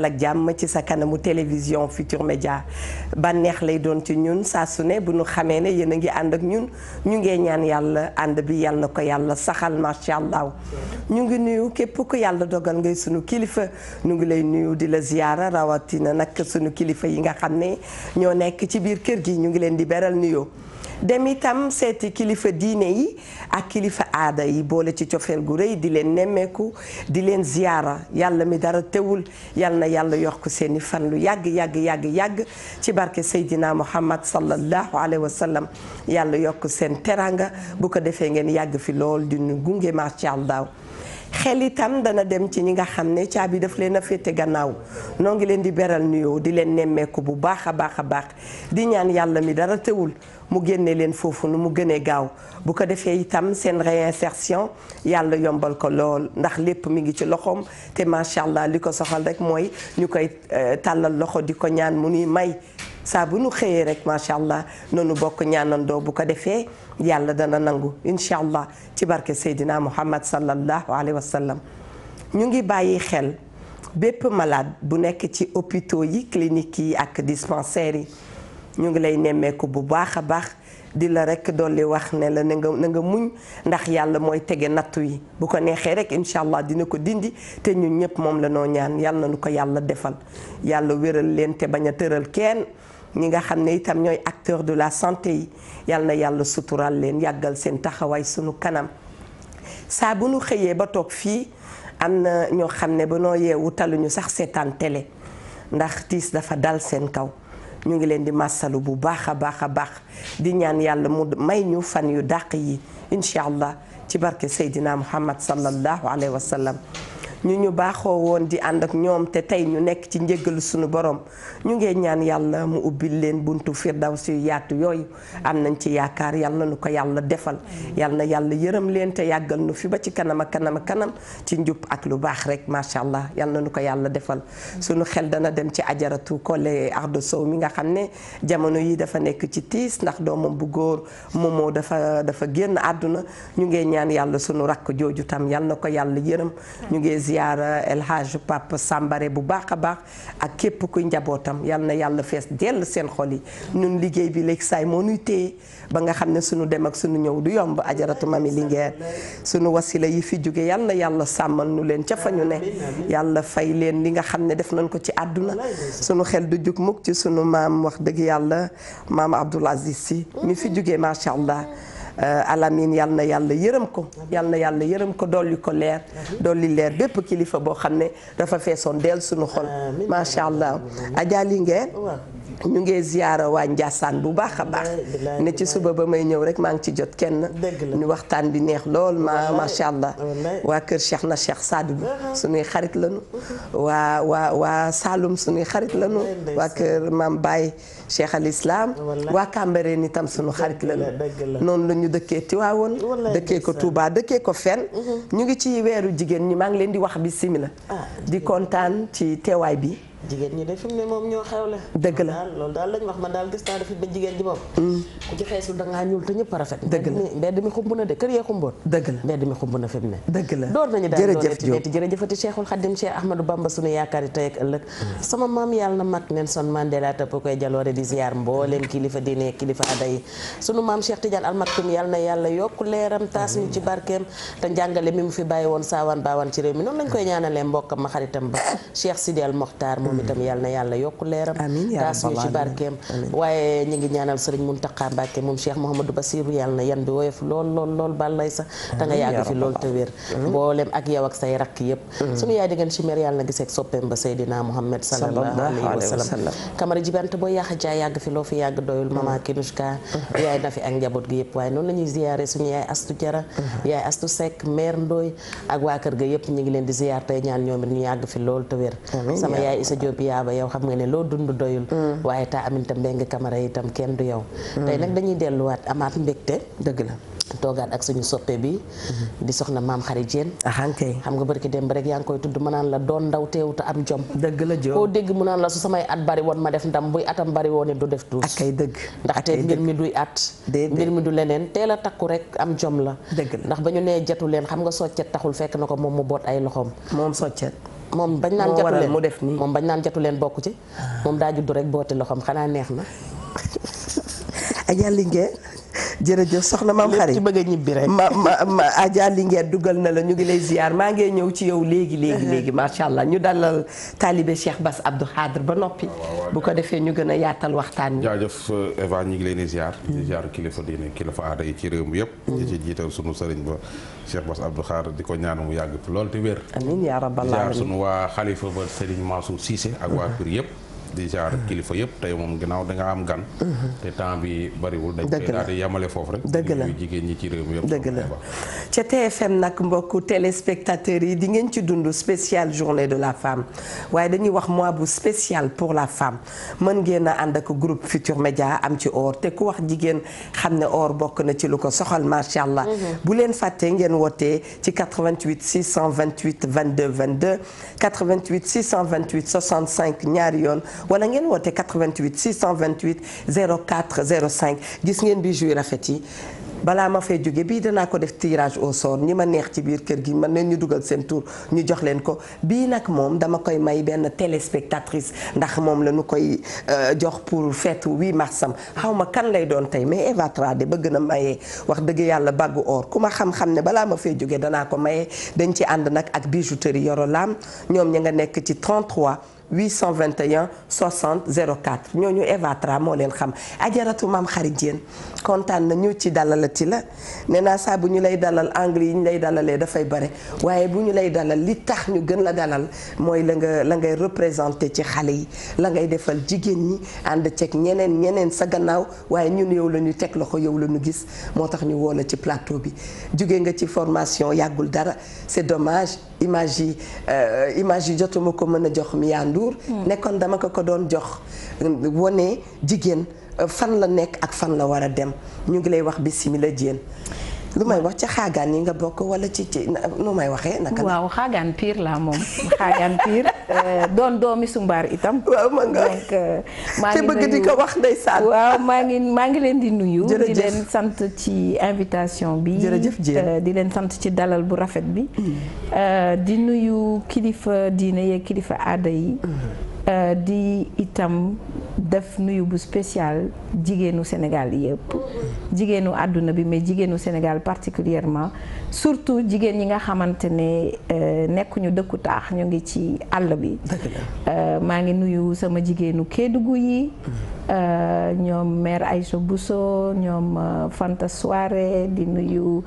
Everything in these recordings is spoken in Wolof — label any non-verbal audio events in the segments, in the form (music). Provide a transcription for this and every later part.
ak jàmm ci sa kanamu télévision Futur Média bànneex lay doon ci ñun saa su ne bu ñu xamee ne yéen a ngi ànd ak ñun ñu ngee ñaan yàlla ànd bi yàlla ko yàlla saxal macha allah ñu ngi nuyu képp ku yàlla dogal ngay sunu kilifa ñu ngi lay nuyu di la ziyaara rawatina nag sunu kilifa yi nga xam ne ñoo nekk ci biir kër gi ñu ngi leen di beral nuyoo. dem itam seeti kilifa diine yi ak kilifa aada yi boole ci cofeel gu rëy di leen nemmeeku di leen ziyaara yàlla mi dara tewul yal na yàlla yokk seeni fan lu yàgg yàgg yàgg yàgg ci barke Seydina Muhammad sallallahu alayhi wa sallam yàlla yokk seen teraanga bu ko defee ngeen yàgg fi lool di nu gunge macha daaw xel itam dana dem ci ñi nga xam ne caabi daf leen a féete gannaaw noo ngi leen di beral nuyoo di leen nemmeeku bu baax a baax a baax di ñaan yàlla mi dara tewul mu génne leen foofu nu mu gënee gaaw bu ko defee itam seen réinsertion yàlla yombal ko lool ndax lépp mu ngi ci loxoom te macha allah li ko soxal rek mooy ñu koy euh, tàllal loxo di ko ñaan mu nuy may saa bu nu xëyee rek macha allah noonu bokk ñaanandoo bu ko defee yàlla dana nangu incha allah ci barke Seydina Muhammad sallallahu alayhi wa sallam ñu ngi bàyyi xel bépp malade bu nekk ci hôpitaux yi cliniques yi ak dispensaires yi ñu ngi lay nemmeeku bu baax a baax di la rek dolli wax ne la na nga na muñ ndax yàlla mooy tege nattu yi bu ko neexee rek incha allah dina ko dindi te ñun ñëpp moom la noo ñaan yàlla na nu ko yàlla defal yàlla wéral leen te bañ ñi nga xam ne itam ñooy acteur de la santé yi yal na yàlla sutural leen yàggal seen taxawaay suñu kanam saa bu nu xëyee ba toog fii am na ñoo xam ne ba noo yeewu ñu sax seetaan télé ndax tiis dafa dal seen kaw ñu ngi leen di màssalu bu baax a baax a baax di ñaan yàlla mu may ñu fan yu dàq yi incha allah ci barke Seydina Muhammad sallallahu alayhi wa sallam ñu ñu baaxoo woon di ànd ak ñoom te tey ñu nekk ci njëggalu suñu borom ñu ngeen ñaan yàlla mu ubbil leen buntu firdaws yu yaatu yooyu am nañ ci yaakaar yàlla nu ko yàlla defal yàlla na yàlla yërëm leen yàggal nu fi ba ci kanam kanam kanam ci njub ak lu baax rek macha allah yàlla na nu ko yàlla defal suñu xel dana dem ci ajaratu Collé Ardo Sow mi nga xam ne jamono yi dafa nekk ci tiis ndax doomam bu góor moomoo dafa dafa génn àdduna ñu ngee ñaan yàlla suñu rakk jooju tam yàlla na ko yàlla yërëm ziyaara eh, El Hadj Pape Sambare bu baax a baax ak képp kuy njabootam yal na yàlla fees dell seen xol yi ñun liggéey bi léegi saay moo nuy téye ba nga xam ne sunu dem ak sunu ñëw du yomb ajaratu mami Linguère sunu wasila yi fi jóge yal na yàlla sàmmal nu leen ca fa ñu ne yàlla fay leen li nga xam ne def nañ ko ci àdduna sunu xel du jug mukk ci sunu maam wax dëgg yàlla maam Abdoul Aziz si mi fi jóge macha allah Euh, alamin yal na yàlla yërëm ko yal yàlla yërëm ko dolli ko leer dolli leer bépp kilifa boo xam ne dafa feesoon del suñu xol macha allah ajaali ngeen ñu ngee ziyaara waa Njaasaan bu baax a baax ne ci suba ba may ñëw rek maa ngi ci jot kenn ñu waxtaan bi neex lool ma macha allah waa kër Cheikh na Cheikh Sadibou suñuy xarit lañu waa waa waa Saloum suñuy xarit lañu waa kër Maam Baye Cheikh al Islam waa Cambérène itam suñu xarit lañu noonu la ñu dëkkee Tiwaawoon dëkkee ko tuubaa dëkkee ko fen mhm. ñu ngi ci weeru jigéen ñi maa ngi leen di wax bi bismillah ah, di kontaan ci teewaay bi jigéen ñi de fi mu ne moom ñoo xewle. dëgg la loolu daal lañ wax man daal gis naa dafa ba jigéen ji moom. Mm. ku ci xeesul da ñuul te ñëpp rafet. la mbedd mi xumb na de kër yee xumboon. dëgg la mbedd mi xumb na fi mu ne. dëgg la door nañu daal jërëjëf Diop jërëjëfati Cheikhul Khadim Cheikh Ahmadou Bamba sunu yaakaar ak ëllëg. Mm. sama maam yàlla na mag Nelson Mandela te bu koy jaloore di ziar mbooleem kilifa diine kilifa aada yi sunu maam Cheikh Tidiane Al Maktoum na yàlla yokk leeram taas ñu mm. woon saawaan baawaan ci réew mi noonu lañ koy ñaanalee mbokkam ma xaritam moom itam yàlla na yàlla yokk leeram taas ñu ci barkeem waaye ñu ngi ñaanal sëriñ Muntaqa Mbàkke moom Cheikh Mouhamadou Bassirou yàlla na yan bi woyof lool lool lool bàllay sax te nga yàgg fi lool te wér mboolem ak yow ak say rakk yëpp mm-hmm. suñu yaay di ngeen ci mer yàlla na gisee ak soppeem ba Seydina Muhammad sallallahu alayhi wa sallam kamara jibante boo yàq jaa yàgg fi loo fi yàgg doyul mama mm-hmm. Kinushka yaay na ak njaboot gi waaye noonu la ñuy ziyaare suñu yaay Astu Jara mm-hmm. yaay Astu Seck mère Ndoy ak waa kër ga yëpp ñu ngi leen di ziyaar tey ñaan ñoom ñu yàgg fi lool te wér sama yaay Diop yaaba yow xam nga ne loo dund doyul mm. waaye taa Aminata Mbengue Camara itam kenn du yow mm. tey nag dañuy delluwaat amaat mbégte dëgg la toogaat ak suñu soppe bi mm-hmm. di soxna maam xari Diène axankay ah, xam nga barki dem rek yaa ngi koy tudd mënaan la doon ndaw teewuta am jom dëgg la joo dégg mu naan la su samay at bari woon ma def ndam buy atam bari woon du def tuus akay ah, dëgg ndaxte ah, mbir mi duy at mbir mi du leneen teel a takku rek am jom la dëgg la ndax ba ñu nee jatu leen xam nga soccet taxul fekk na ko moom mu boot ay loxoom moom soccet moom bañ naan jatu leen mu def nii moom bañ naan jatu leen bokk ci ah. moom daa juddu rek booti loxoom xanaa neex na Adja Linguère jërëjëf soxna maam xarit ci bëgg a ñibbi rek ma ma Adja Linguère dugal na la ñu ngi lay ziar maa ngi ñëw ci yow léegi léegi uh-huh. léegi macha allah ñu dalal taalibe Cheikh Bass Abdou Khadre ba noppi. Ah, bu ko defee ñu gën a yaatal waxtaan wi. jaajëf euh, Eva ñu ngi leen di ziar. di mm. ziar kilifa diine kilifa yi ci réew mi yëpp. Mm. di ci jiital sunu sëriñ ba Cheikh Bass Abdou Khadre di ko ñaan mu yàgg lool te wér. amiin yaa rabbal sunu waa xalifa ba sëriñ Mansour Cissé ak mm-hmm. waa Pire yëpp. di genre kilifa yëpp tey moom ginnaaw da nga am gan mhm. te temps bi bariwul dañ koy daal foofu rek dëgg la jigéen ñi ci réew mi yëpp dëgg la ca TFM nag mbokku téléspectateurs yi di ngeen ci dund spécial journée de la femme waaye dañuy wax mois bu spécial pour la femme mën ngeen a ànd ak groupe Futur Média am ci or te ku wax jigéen xam ne or bokk na ci lu ko soxal macha allah mhm. bu leen fàttee ngeen wootee ci 88 628 22 22 88 628 65 ñaari yoon wala ngeen woote 88 628 04 cinq gis ngeen bi joué rafet yi balaa ma fee jóge bii danaa ko def tirage au sort ñi ma neex ci biir kër gi mën nañ ñu dugal seen tour ñu jox leen ko bii nag moom dama koy may benn spectatrice ndax moom la ñu koy euh, jox pour fête 8 marsam xaw ma kan lay doon tey mais Eva Trade bëgg na mayee wax dëgg yàlla bàggu or ku ma xam-xam ne balaa ma fee jóge danaa ko mayee dañ ci ànd nag ak bijouterie Yoro Lam ñoom ña nga nekk ci 33 821 60 04 ñoo ñu Tra moo leen xam ajaratu maam xarit Diène kontaan ñu ci dalalati la nee saa bu ñu lay dalal anglais yi ñu lay dalalee dafay bare waaye bu ñu lay dalal li tax ñu gën la dalal mooy la nga la ngay représenté ci xale yi la ngay defal jigéen ñi ànd ceeg ñeneen ñeneen sa gannaaw waaye ñun yow la ñu teg loxo yow la ñu gis moo tax ñu woo la ci plateau bi jóge nga ci formation yàggul dara c'est domage image yi euh, image yi jotuma ko mën a jox Mia Ndour hmm. nekkoon dama ko ko doon jox wone jigéen fan la nekk ak fan la war a dem ñu ngi lay wax bismillah Diène lu may wax ci xaagaan yi nga bokk wala ci ci nu may waxee. naka waaw xaagaan piir laa moom xaagaan piir (laughs) euh, doon doomi sumbaar itam. waaw euh, maa ngi ko wax maa ngi maa ngi leen di nuyu. di leen sant ci invitation bi. jërëjëf euh, di leen sant ci dalal bu rafet bi. Mm. di nuyu kilifa diine yeeg kilifa aada yi. Mm. di itam def nuyu bu spécial jigéenu Sénégal yëpp jigéenu àdduna bi mais jigéenu Sénégal particulièrement surtout jigéen ñi nga xamante ne euh, nekkuñu dëkku taax ñu ngi ci àll bi euh, maa ngi nuyu sama jigéenu Kédougou yi Eh, ñoom maire Aïcha Bousso ñoom eh, Fanta Soare di nuyu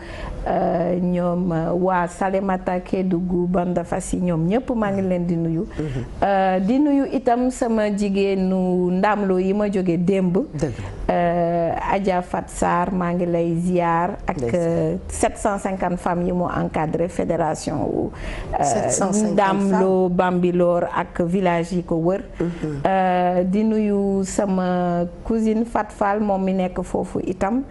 eh, ñoom waa Salemata Kédougou Banda Fassi ñoom ñëpp maa ngi leen di nuyu mhm. di nuyu itam sama jigéenu ndaamloo yi ma jóge démb Euh, Adja Fat Sarr maa ngi lay ziar ak 750 euh, femmes yi mu encadré fédération wu euh, Ndamlo Bambilor ak village yi ko wër mhm. di nuyu sama cousine Fat Fall moom mi nekk foofu itam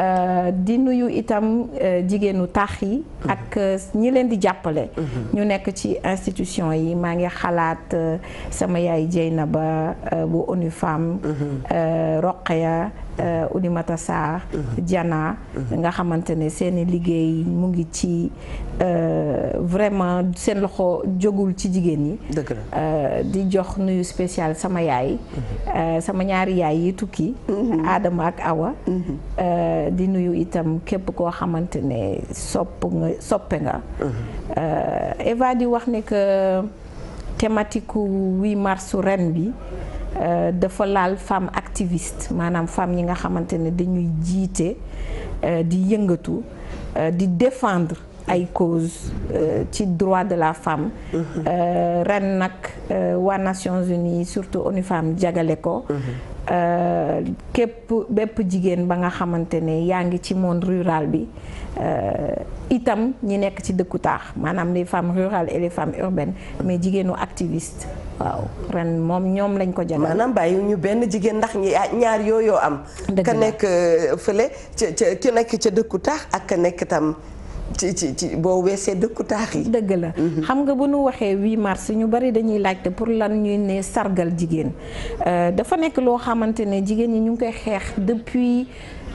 Euh, di nuyu itam euh, jigéenu tax yi ak euh, ñi leen di jàppale mhm. ñu nekk ci institution yi maa ngi xalaat sama yaay Jeynaba bu ONU Femmes mhm. Roqaya Euh, Oulimata Sarr mhm. Diana mhm. nga xamante ne seen i liggéey mu ngi ci euh, vraiment seen loxo jógul ci jigéen ñi euh, di jox nuyu spécial sama yaay mhm. sama ñaari yaay yi tukki aadama ak Awa di nuyu itam képp koo xamante ne sopp nga soppe nga Eva wax ne que thématique 8 ren bi Euh, dafa laal femme activiste maanaam femme yi nga xamante ne dañuy jiite euh, di yëngatu euh, di défendre ay cause ci droit de la femme mm-hmm. ren nag waa Nations Unies surtout ONU Femmes jagale ko mm-hmm. képp bépp jigéen ba nga xamante ne yaa ngi ci monde rural bi itam ñi nekk ci dëkku taax maanaam les femmes rurales et les femmes urbaines mais jigéenu activiste waaw ren moom ñoom lañ ko jagleel. maanaam bàyyi ñu benn jigéen ndax ah, ñaar yooyu am. ka nekk euh, fële ca ca ki nekk ca dëkku taax ak ka nekk tam. ci ci boo weesee dëkku taax yi. dëgg la mhm. xam nga ba nu waxee 8 mars ñu bari dañuy laajte pour lan ñuy nee sargal jigéen euh, dafa nekk loo xamante ne jigéen ñi ñu ngi koy xeex depuis.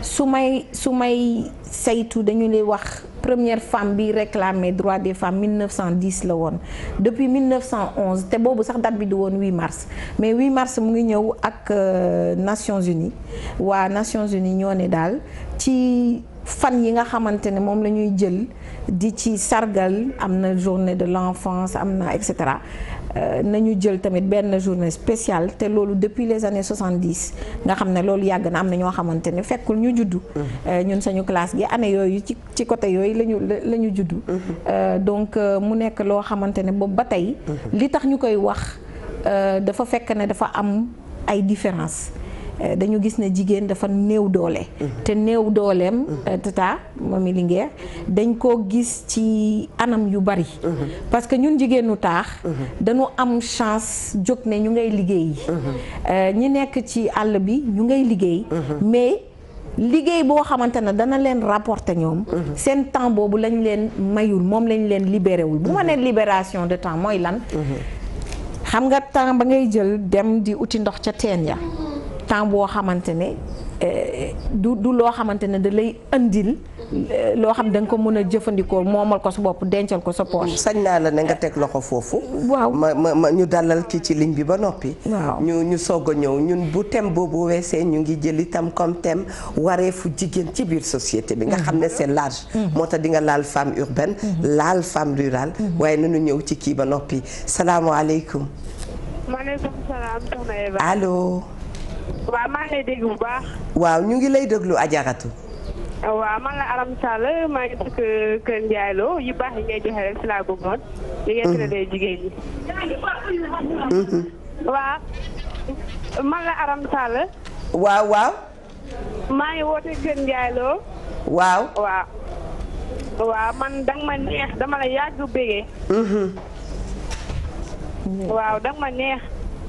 su may su may saytu dañu lay wax première femme bi réclamé droit des femmes 1910 la woon depuis 1911 te boobu sax date bi du woon 8 mars mais 8 mars mu ngi ñëw ak euh, Nations uni waa Nations Unies ñoo ne daal ci fan yi nga xamante ne moom la ñuy jël di ci sargal am na journée de l'enfance am na et cetera Euh, nañu jël tamit benn journée spéciale te loolu depuis les années 70 nga xam ne loolu yàgg na am na ñoo xamante ne fekkul ñu juddu. Euh, ñun sañu classe gi année yooyu ci ci côté yooyu la ñu la ñu juddu. Euh, donc mu nekk loo xamante ne boobu ba tey. Mhm. li tax ñu koy wax dafa fekk ne dafa am ay différence Eh, dañu gis ne jigéen dafa néew doole. te néew dooleem. Eh, moom i Linguère dañ koo gis ci anam yu bari. parce que ñun jigéenu taax. dañu am chance jóg ne ñu ngay liggéey yi eh, ñi nekk ci àll bi ñu ngay liggéey. mais liggéey boo xamante ne dana leen rapporter ñoom. seen temps boobu lañ leen mayul moom lañ leen libéré wul. bu ma nee libération de temps mooy lan. xam nga temps ba ngay jël dem di uti ndox ca teen ya. temps boo xamante ne euh, du loo xamante ne da lay andil euh, loo xam da ko mën a jëfandikoo moomal ko sa bopp dencal ko sa poche. Mm, sañ naa la ne nga teg loxo foofu. ma ma ma ñu dalal kii ci ligne bi ba noppi. waaw ñu ñu soog a ñëw ñun bu thème boobu weesee ñu ngi jël itam comme waree fu jigéen ci biir société bi. nga xam ne c'est large. Mm-hmm. moo tax di nga laal femme urbaine. Mm-hmm. laal femme rural mm-hmm. waaye nanu ñëw ci kii ba noppi salaamaaleykum. maaleykum salaam. allo. waaw maa ngi lay dégg bu baax. waaw ñu ngi lay déglu ajaratu. waaw man la Aram Sall maa ngi dëkk Kër Ndiaye yu baax yi ngay joxe rek si laa bëggoon. li ngeen mhm. mhm. ngi woote Kër Ndiaye Lo. waaw waaw. man danga ma neex dama la yàgg bégee. Mhm. waaw danga ma neex.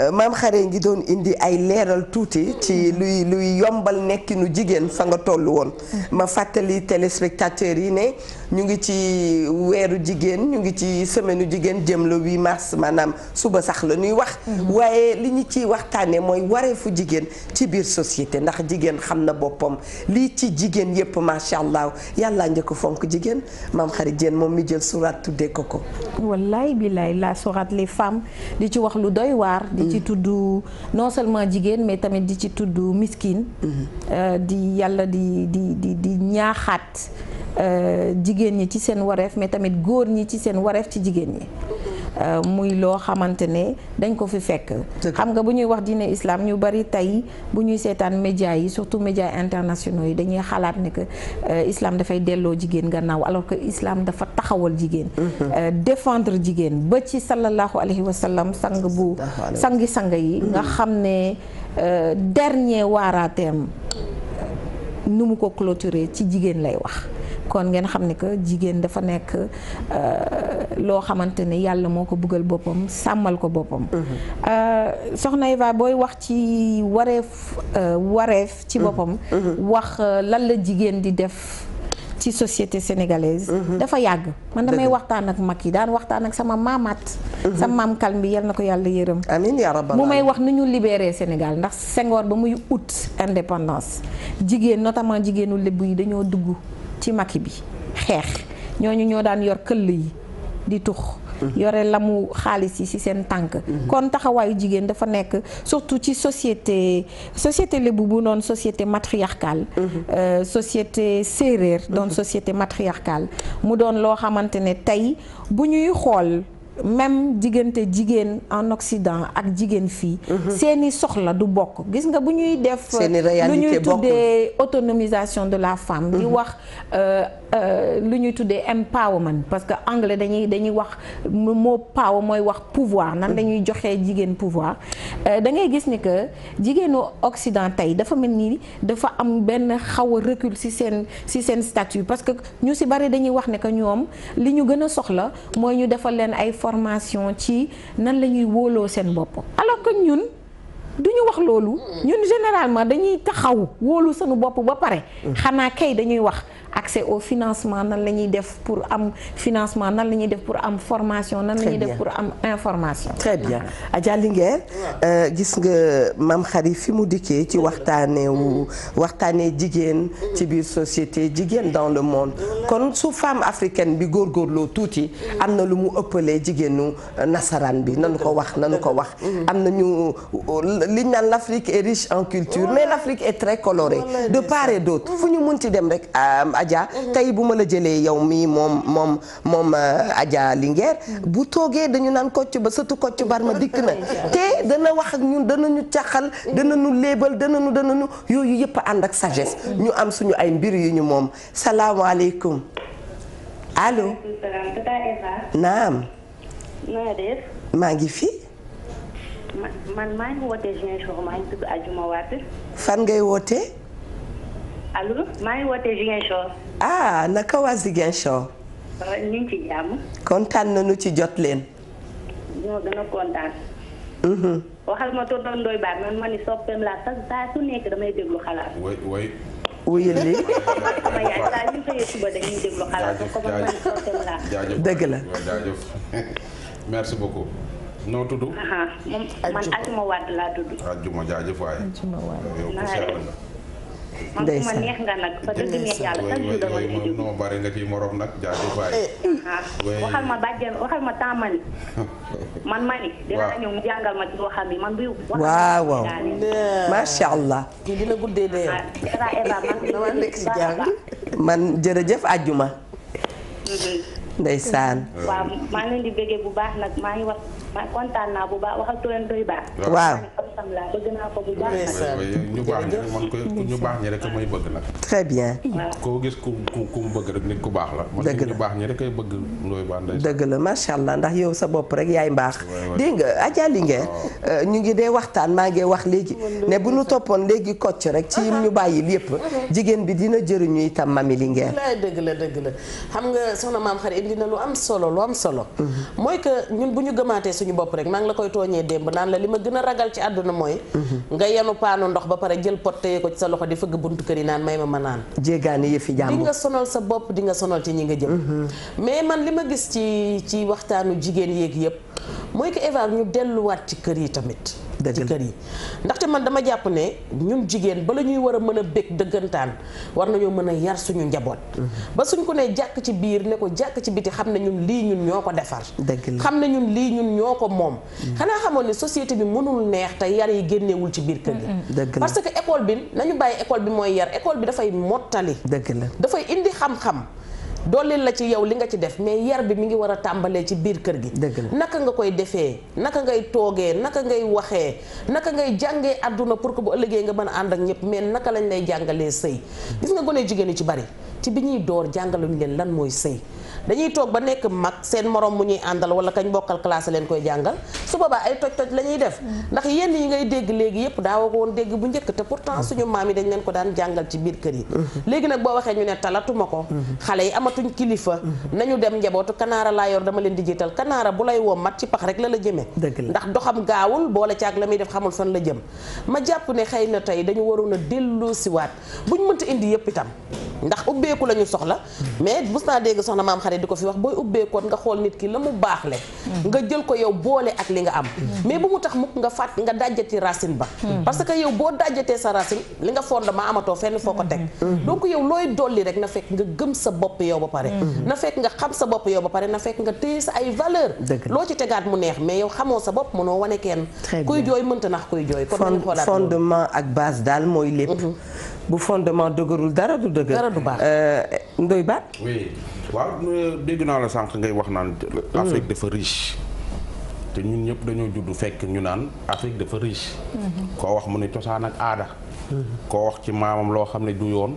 Euh, maam xare ngi doon indi ay leeral tuuti ci luy luy yombal nekkinu jigéen fa nga toll woon ma fàttali téléspectateurs yi ne ñu ngi ci weeru jigéen ñu ngi ci semaine jigéen jëm le 8 mars maanaam suba sax la ñuy wax. Mhm. waaye li ñu ci waxtaanee mooy wareefu jigéen ci biir société ndax jigéen xam na boppam lii ci jigéen yépp macha allah yàlla njëkk fonk jigéen maam xarit Diène moom mi jël suraat tuddee ko ko. wallaay billaay la surat les femmes di ci wax lu doy waar. di ci mhm. tudd non seulement jigéen mais tamit di ci tudd miskin. Mhm. Euh, di yàlla di di di di ñaaxaat. Euh, jigéen ñi ci seen wareef mais tamit góor ñi ci seen wareef ci jigéen ñi euh, muy loo xamante ne dañ ko fi fekk xam nga bu ñuy wax diine islaam ñu bari tey bu ñuy seetaan médias yi surtout médias internationaux yi dañuy xalaat ne que euh, islam dafay delloo jigéen gannaaw alors que islaam dafa taxawal jigéen mm-hmm. défendre jigéen ba ci sallallahu alayhi wa sallam sang bu sangi sang yi nga mm-hmm. xam ne dernier waaraateem nu mu ko clôturer ci jigéen lay wax kon ngeen xam ne que jigéen dafa nekk euh, loo xamante ne yàlla moo ko bëggal boppam sàmmal ko boppam mhm. euh, soxna Eva booy wax ci wareef euh, wareef ci mhm. boppam mhm. wax lan la jigéen di def ci société sénégalaise dafa yàgg man damay waxtaan ak mag yi daan waxtaan ak sama maamaat sa maam Kalm bi yal na ko yàlla yërëm amiin yaa rabbal mu may wax nu ñu libéré Sénégal ndax Senghor ba muy ut indépendance jigéen notamment jigéenu lébu yi dañoo dugg ci Macky bi xeex ñooñu ñoo daan yor këll yi di tux yore lamu xaalis yi ci seen tànk kon taxawaayu jigéen dafa nekk surtout ci société société lébu bu doon société matriarcale euh, société séeréer doon société matriarcale mu doon loo xamante ne tey bu ñuy xool même jiggante jigéen en Occident ak jigéen fii. Mhm. seeni soxla du bokk gis nga bu ñuy def. seeni réalité lu ñuy tuddee autonomisation de la femme. di mhm. wax. Euh, Euh, lu ñuy tuddee empowerment parce que anglais dañuy dañuy wax moo power mooy wax pouvoir nan dañuy joxee jigéen pouvoir euh, da gis ni que jigéenu Occident tey dafa mel nii dafa am benn xaw a recul ci seen ci seen statut parce que ñu si bari dañuy wax ne que ñoom li ñu gën a soxla mooy ñu defal leen ay formation ci nan la ñuy wóoloo seen bopp alors que ñun du wax loolu ñun généralement dañuy taxaw wóolu sunu bopp ba pare mm. xanaa kay dañuy wax accès au financement nan la ñuy def pour am financement nan la ñuy def pour am formation nan la ñuy def pour am information très bien Adja Linguère euh, gis nga Mame xari fi mu dikkee ci waxtaanee wu mm. waxtaanee jigéen mm. ci biir société jigéen dans le monde kon su femme africaine bi góorgóorloo tuuti mm. am na lu mu ëppalee jigéenu euh, nasaraan bi nanu ko wax nanu ko wax am na ñu euh, liñ naan l'Afrique est riche en culture mais l'Afrique est très colorée de part et d'autre fu dem Adja tey bu ma la jëlee yow mii moom moom moom euh, Adja Linguère bu toogee dañu naan kocc ba sëtu kocc bar dikk na te dana wax ak ñu danañu caxal danañu léebal danañu danañu yooyu yëpp ànd ak sagesse ñu am suñu ay mbir yu ñu moom salaamaaleykum allo naam maa ngi fi man maa fan ngay woote allo maa ngi wootee Ziguinchor. ah naka waa Ziguinchor. Uh, ñu ngi ci jàmm. kontaan nañu ci jot leen. ñoo gën a kontaan. Mm-hmm. waxal ma tonton Ndoye Ba man ma soppeem laa sax saa su nekk damay (laughs) dëgg la jaajëf. (laughs) merci beaucoup. noo tudd. moom man Ajuma Wade laa tudd. Ajuma jaajëf waay. ndeysa man neex nga nag fa dëgg neex yàlla chaque jour dama lay déglu noo bari nga ci morom nag jaajëf bàyyi waxal ma bàjjen waxal ma taamani man mani dinaa ñëw mu jàngal ma ci waxam bi man bi waaw waaw allah kii dina guddee de dama nekk ci jàng jërëjëf ajjuma ndeysaan waaw maa ngi di bëggee bu baax nag maa ngi wax man kontaan naa bu baax wax ak tuleen doy waaw ñu baax ñi rek man bëgg nag. très bien. koo gis ku ku mu bëgg rek nit ku baax la. dëgg la man baax ñi rek bëgg dëgg la macha allah ndax yow sa bopp rek yaay mbaax. dégg nga Adja ah, euh, ñu ngi dee waxtaan maa ngi wax léegi ne bu ñu toppoon léegi kocc rek ci ñu bàyyi yépp jigéen bi dina jëriñu itam mami Linguère. dëgg la dëgg la xam nga soxna maam xarit indi na lu am solo lu am solo mhm. mooy que ñun bu ñu gëmaatee suñu bopp rek maa ngi la koy tooñee démb naan la li ma gën a ragal ci àdduna mooy mhm. nga yenu paanu ndox ba pare jël pot téye ko ci sa loxo di fëgg buntu kër yi naan may ma ma naan jéegaane yëfi jàmm nga sonal sa bopp di nga sonal ci ñi nga jëm mhm. mais man li ma gis ci ci waxtaanu jigéen yéeg yëpp mooy que Eva ñu delluwaat ci kër yi tamit. ci kër yi ndaxte man dama jàpp ne ñun jigéen bala ñuy war a mën a bég dëggantaan war nañoo mën a yar suñu njaboot. Mm-hmm. ba suñ ko nee jàkk ci biir ne ko jàkk ci biti xam ne ñun lii ñun ñoo ko defar. xam ne ñun lii ñun ñoo ko moom. Mm-hmm. xanaa xamoon ne société bi mënul neex te yar yi génneewul ci biir kër yi. Mm-hmm. parce que école bi nañu bàyyi école bi mooy yar école bi dafay mottali. dafay indi xam-xam. dollil la ci yow li nga ci def mais yar bi mi ngi war a tàmbalee ci biir kër gi naka nga koy defee naka ngay toogee naka ngay waxee naka ngay jàngee àdduna pour que bu ëllëgee nga mën a ànd ak ñëpp mais naka lañ lay jàngalee sëy gis nga gone jigéen yi ci bari ci bi ñuy door jàngaluñ leen lan mooy sëy dañuy toog ba nekk mag seen morom mu ñuy àndal wala kañ bokkal classe leen koy jàngal su boobaa ay toj-toj la ñuy def ndax yenn yi ngay dégg léegi yépp daawoo ko woon dégg bu njëkk te pourtant suñu maam yi dañ leen ko daan jàngal ci biir kër yi léegi nag boo waxee ñu ne talatuma ko xale yi amatuñ kilifa nañu dem njabootu kanaara laa yor dama leen di jiital kanaara bu lay woo mat ci pax rek la la jëmee ndax doxam gaawul boole caag la muy def xamul fan la jëm ma jàpp ne xëy na tey dañu waroon a dellu siwaat buñ mënta indi yépp itam ndax ubbeeku la ñu soxla mais bus naa dégg soxna maam xarit di ko fi wax booy ubbeekoon nga xool nit ki la mu baax le nga jël ko yow boole ak li nga am mais bu mu tax mukk nga fàtt nga dàjjati racine ba parce que yow boo dajjatee sa racine li nga fondement amatoo fenn foo ko teg donc yow looy dolli rek na fekk nga gëm sa bopp yow ba pare na fekk nga xam sa bopp yow ba pare na fekk nga téye sa ay valeur loo ci tegaat mu neex mais yow xamoo sa bopp mënoo wane kenn kuy jooy mënta nax kuy jooy kon fondement ak base daal mooy lépp mhm. bu fondement dëgërul dara du dëgër. dara du baax euh, Ndoye Ba. oui waaw euh, dégg naa la sànq ngay wax naan. Afrique dafa riche. te ñun ñëpp dañoo juddu fekk ñu naan Afrique dafa riche. Mhm. koo wax mu ne cosaan ak aada. Mhm. koo wax ci maamam loo xam ne du yoon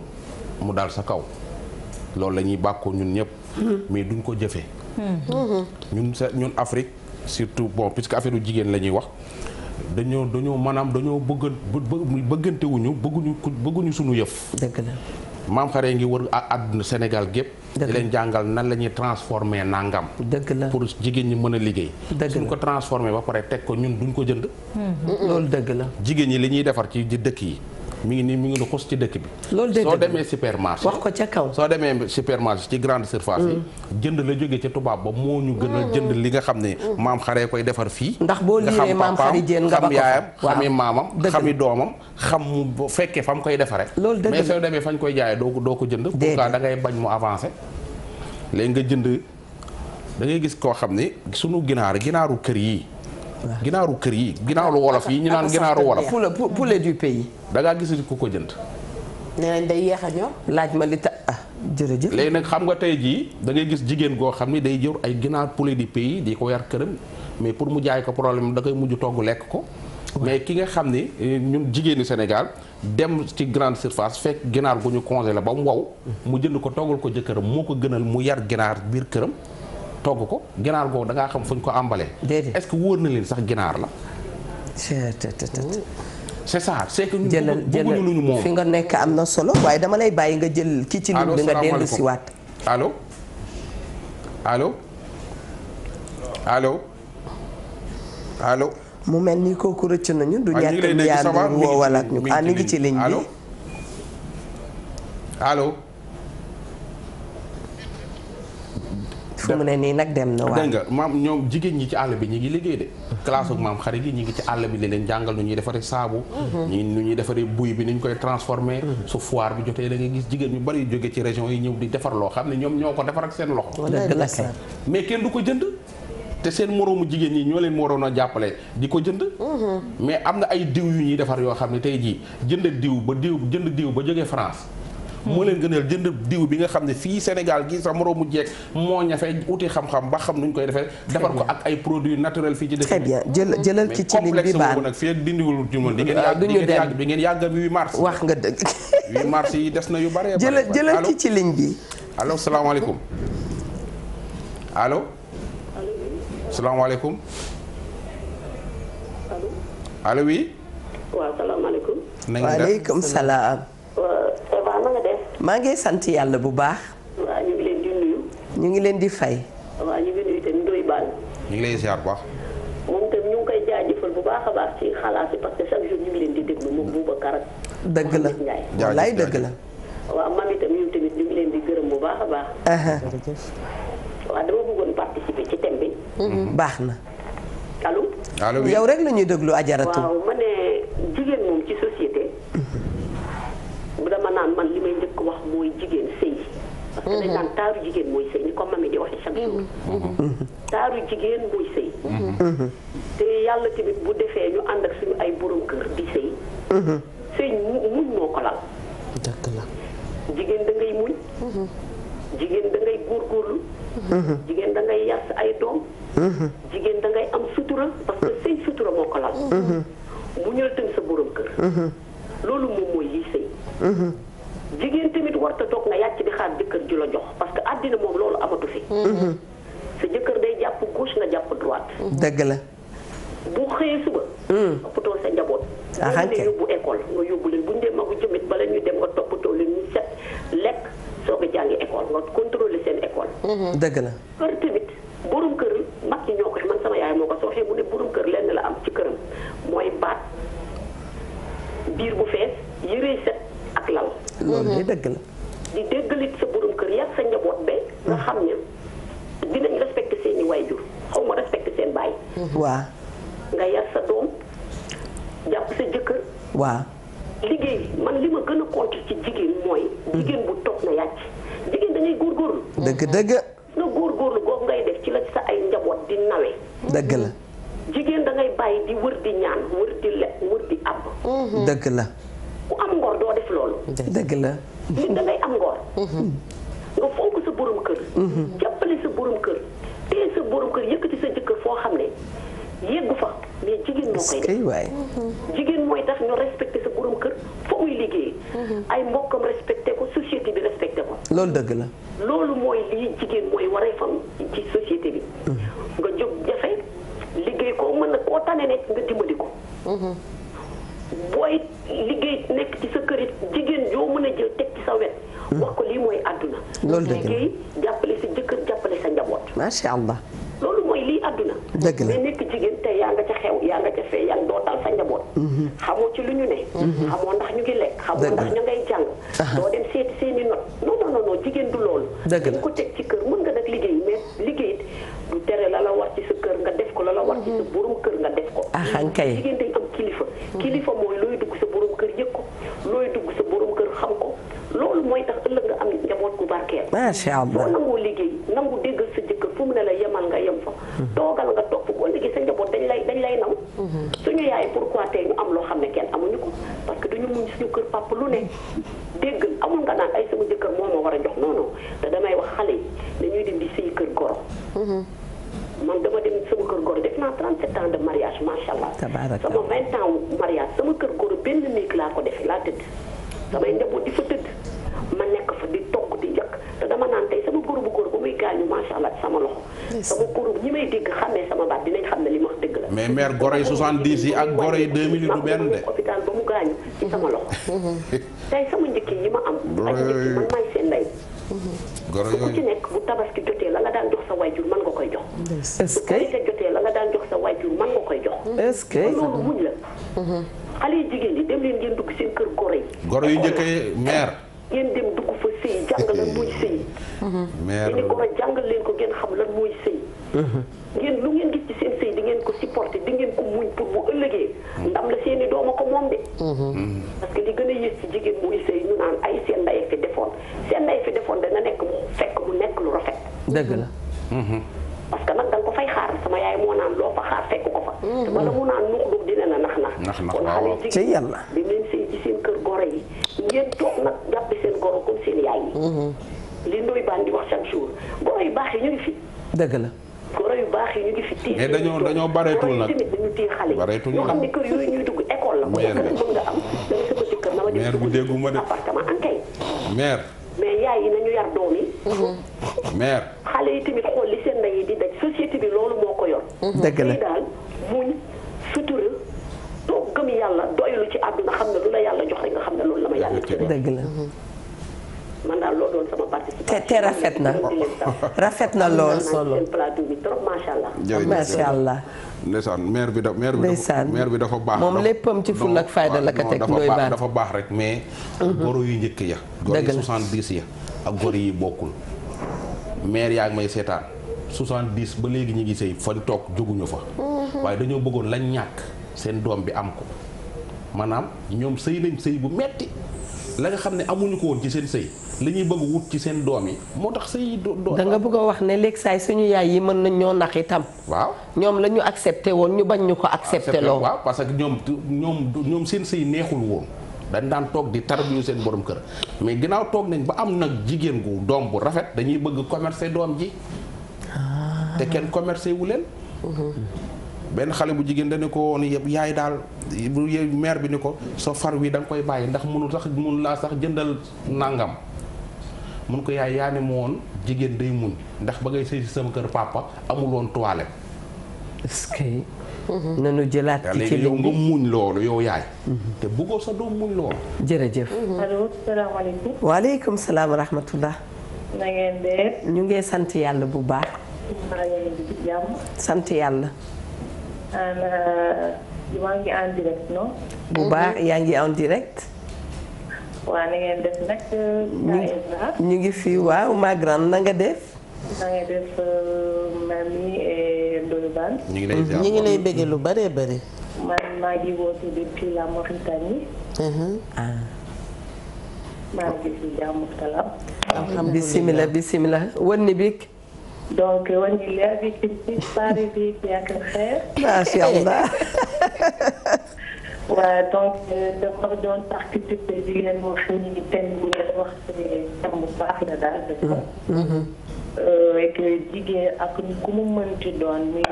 mu daal sa kaw. loolu lañuy ñuy bàkkoo ñun ñëpp. Mhm. mais duñ ko jëfee. ñun sa ñun Afrique surtout bon puisque affaire jigéen la ñuy wax. dañoo dañoo maanaam dañoo bëgg bëggante wuñu bëgguñu bëgguñu suñu yëf. dëgg la maam xare ngi wër àdduna Sénégal gépp di leen jàngal nan la ñuy transformer nangam. dëgg la pour jigéen ñi mën a liggéey. suñ ko transformer ba pare teg ko ñun duñ ko jënd. loolu dëgg la. jigéen ñi li ñuy defar ci dëkk yi. mi ngi nii mi ngi lu xus ci dëkk bi. loolu dëgg soo demee supermarché. wax ko ca kaw soo demee supermarché ci grande surface yi. Mm. jënd la jógee ca tubaab ba moo ñu gën a mm. jënd li nga xam ne mm. maam xaree koy defar fii. ndax boo liiree maam xari jéen nga ba ko xam yaayam xami maamam xami doomam xam bu fekkee fa mu koy defaree. loolu dëgg mais soo demee fañ koy jaayee doo ko doo ko jënd. dëgg da ngay bañ mu avancé léegi nga jënd dangay gis koo xam ne sunu ginaar ginaaru kër yi ginaaru kër yi ginaaru wolof yi ñu naan ginaaru wolof. poulet du pays. da ngaa gis ku ko jënd. nee nañ day yéex a ñor laaj ma li ta ah jërëjëf. léegi nag xam nga tey jii da ngay gis jigéen goo xam ne day jël ay ginaar poulet du pays di ko yar këram mais pour mu jaay ko problème da koy mujj togg lekk ko. mais ki nga xam ni eh, ñun jigéenu Sénégal dem ci grande surface fekk ginaar gu ñu congelé ba mu wow. mu jënd ko toggal ko jëkkëram moo ko gënal mu yar ginaar biir këram. togg ko ginaar googu dangaa ngaa xam fuñ ko àmbalee. déedéet est-ce que wóor na leen sax ginaar la. c'est ça c'est que ñun bëgguñu lu fi nga nekk am na solo waaye dama lay bàyyi nga jël kii ci ligne bi nga dellu si waat. allo allo allo allo. mu mel ni kooku rëcc nañu du ñàkk a. ñu ngi lay ñu ngi ci ligne bi ah mi ngi ci ligne bi allo. fu ne nii nag dem na waaw nga maam ñoom jigéen ñi ci àll bi ñi ngi liggéey de classe ak maam xarit yi ngi ci àll bi li leen jàngal ñuy defaree saabu mhm. ñi nu ñuy defaree buy bi ni koy transformé mhm. su foire bi jotee da nga gis jigéen ñu bari jóge ci région yi ñëw di defar loo xam ne ñoom ñoo ko defar ak seen loxo mais kenn du ko jënd te seen moroomu jigéen ñi ñoo leen waroon a jàppale di ko jënd mhm. mais am na ay diw yu ñuy defar yoo xam ne tey jii jënd diw ba diw jënd diw ba jógee France moo leen gënal jënd diw bi nga xam ne fii Sénégal gi sa moroomu jeeg moo ñafe uti xam-xam ba xam nuñ koy defee defar ko ak ay produits naturel fii ci dëkk très bien jël jëlal ki ci ligne bi baan nag fii ak dindiwul ah, di ngeen yàgg di ngeen yàgg bi ngeen yàgg 8 mars wax nga dëgg 8 (laughs) mars yi des na yu bare jëlal jëlal ki ci ligne bi allo salaamaaleykum allo salaamaaleykum allo oui salaam maa ngi sant yàlla bu baax. waaw ñu ngi leen di nuyu. ñu ngi leen di fay. waaw ñu ngi nuyu tamit Ndoye Bane. baax. a baax ci xalaat yi que chaque jour leen di déglu moom Boubacar ak. dëgg la wallaay dëgg la. waaw man itam ñun tamit ñu ngi leen di gërëm bu baax a baax. jërëjëf. waaw dama bëggoon participer ci thème bi. Mhm. Mhm. baax na. allo. allo oui yow rek la ñuy déglu ajaratu. waaw ma ne jigéen moom ci société. Mhm. dama naan man li may dañ mhm. naan taaru jigéen mooy sëy ni comme mami di wax chaque jour mhm. Mhm. taaru jigéen mooy sëy te yàlla tamit bu defee ñu ànd ak suñu ay borom kër di sëy sëy muñ moo ko lal jigéen da ngay muñ jigéen da ngay góorgóorlu jigéen da ngay yar ay doom jigéen da ngay am sutura parce que sëy sutura moo ko lal muñal tam sa borom kër loolu moom mooy lii sëy jigéen tamit warta toog na yàcc di xaar jëkkër ji la jox parce que àddina moom loolu amatu fi. Mhm. sa jëkkër day jàpp gauche nga jàpp droite. Mhm. dëgg la. bu xëyee suba. Mhm. toppatoo sa njaboot. ah bu yóbbu école nga yóbbu leen bu ñu dee magu jëmit bala ñu dem nga toppatoo leen ñu set lekk soo a jàngi école nga contrôler seen école. dëgg la. kër tamit borom kër mag ñi ñoo ko man sama yaay moo ko kër lenn la am ci këram mooy baat biir bu fees yëree set ak lal. loolu de mhm. dëgg la. di déggalit sa borom kër yàgg sa njaboot be nga xam ne dinañ respecté seen i waajur xaw ma respecté seen baay. Mhm. waaw. nga yar sa doom jàpp sa jëkkër. waa liggéey man li ma gën a compte ci jigéen mooy. jigéen bu toog na yàcc jigéen dañuy góorgóorlu. dëgg mhm. dëgg. nga góorgóorlu googu ngay def ci la sa ay njaboot di nawe. dëgg la. jigéen da ngay bàyyi di wër di ñaan wër di lekk wër di àbb. dëgg la. ku am ngor doo def loolu. dëgg la. nit da am ngor. Mm-hmm. nga fonk sa borom kër. Mm-hmm. jàppale sa borom kër. téye sa borom kër yëkkati sa jëkkër foo xam ne yeggu fa mais jigéen moo koy def. Mm-hmm. jigéen mooy tax ñu respecté sa borom kër foo muy liggéeyee. ay mbokkam respecté ko société bi respecté ko. loolu dëgg la. loolu mooy lii jigéen mooy waree fam ci société bi. nga jóg jafe liggéey ko mën na koo tane ne nga dimbali ko. booy liggéey nekk ci sa kërit jigéen joo mën a jël teg ci sa wet. Hmm. wax ko lii mooy àdduna. loolu dëgg la jàppale sa jëkkër jàppale sa njaboot. macha allah. loolu lii àdduna. dëgg na mais nekk jigéen te yaa nga ca xew yaa nga ca fee yaa ngi dootal sa njaboot. Hmm. xamoo ci lu ñu ne. Hmm. xamoo ndax ñu ngi lekk. xamoo ndax ñu ngay jàng. doo dem seeti seeni not non non non jigéen du loolu. dëgg la ko teg ci kër mën nga nag liggéey mais liggéey du tere la la war ci sa kër nga def ko la la war ci sa borom kër nga def ko. ah kilifa kilifa mooy looy dugg sa borom kër yëg ko looy dugg sa borom kër xam ko loolu mooy tax ëllëg nga am njaboot gu barkeel macha allah ak goro yi 70 yi ak goro yi 2000 yi du benn de. hôpital ba mu gaañu ci sama loxo. (laughs) tey sama njëkk yi ma am. ak njëkk man maay seen ndey. goro yooyu ku ci nekk nga sa waajur mën koy jox. est bu korite jotee la nga loolu muñ la. Mm-hmm. xale yu jigéen yi dem leen ngeen dugg seen kër goro yi. goro yu njëkkee meer. ngeen dem dugg fa sëy jàngal muñ sëy. meer loolu ngeen ko jàngal leen ko ngeen xam la Mm-hmm. parce que nag da ko fay xaar sama yaay moo naan loo fa xaar fekk ko fa. Mm-hmm. bala mu naan nuux dugg dina la nax na. nax na kon xale jigéen yàlla bi ngeen sëy ci seen kër goro yi ngeen toog nag jàpp seen goro comme seen yaay yi. Mm-hmm. li ndoy baan wax chaque jour goro yu baax yi ñu ngi fi. dëgg la. goro yu baax yi ñu ngi fi téye. mais dañoo bareetul nag dañu téye bareetul ñu xam bu dégguma de appartement an kay. mais yaay yi nañu yar doom yi. mère. Mhm. dëgg la daal muñ sutura toog gëm yàlla doylu ci àdduna xam ne lu la yàlla jox rek nga xam ne loolu la ma yàlla jox dëgg la mhm. man daal loo doon sama participation te te rafet (laughs) solo plateau bi trop maire bi da maire bi dafa bi dafa baax. moom léppam ci ful ak fayda la teg baax dafa baax rek mais. Mhm. goro yu njëkk ya. dëgg la goro yi 70 ya ak goro yi bokkul. maire yaa may seetaan. 70 ba léegi ñu ngi sëy fañ toog jóguñu fa. Mhm. waaye dañoo bëggoon lañ ñàkk seen doom bi am ko maanaam ñoom sëy nañ sëy bu metti la nga xam ne amuñu ko woon ci seen sëy li ñuy bëgg wut ci seen doom yi moo tax sëy da nga bëgg a wax ne léegi saay suñu yaay yi mën nañ ñoo nax itam. waaw ñoom la ñu accepté woon ñu bañ ñu ko accepté loo waaw parce que ñoom ñoom ñoom seen sëy neexul woon dañ daan toog di tarbiyu seen borom kër mais ginnaaw toog nañ ba am nag jigéen gu doom bu rafet dañuy bëgg commercer doom ji te kenn commercé wu leen. benn xale bu jigéen dañu ko woon yëpp yaay daal bu maire bi ni ko soo far wi da koy bàyyi ndax mënu sax mun laa sax jëndal nangam. mun ko yaay yaa ne ma woon jigéen day muñ ndax ba ngay sëy si sama kër papa amul woon toilette. jëlaat ci ci yow nga muñ loolu yow yaay. Mhm. te bëggoo sa doom muñ loolu. jërëjëf. Mhm. allo salaamaaleykum. waaleykum salaam wa rahmatullah. na ngeen de. ñu ngi sant yàlla bu baax. sant yàlla. Uh, maa ngi en bu baax yaa ngi en direct. waa na ngeen def nag. Uh, ñu ngi fi waaw ma grande na nga def. na nga uh, ñu ngi lay mhm. ñu lu bëree bëri. man maa ngi woote depuis la Mauritanie. Mhm. Ah. maa ngi fi jàmm ak salaam. alhamdulilah bisimilah bisimilah wan ni bik. Donc, euh, on est là avec une a un frère. Machallah. donc dafa doon participer di leen wax ni thème bu ngeen wax thème bu baax la daal dafa jigéen ak ku mu mënti doon muy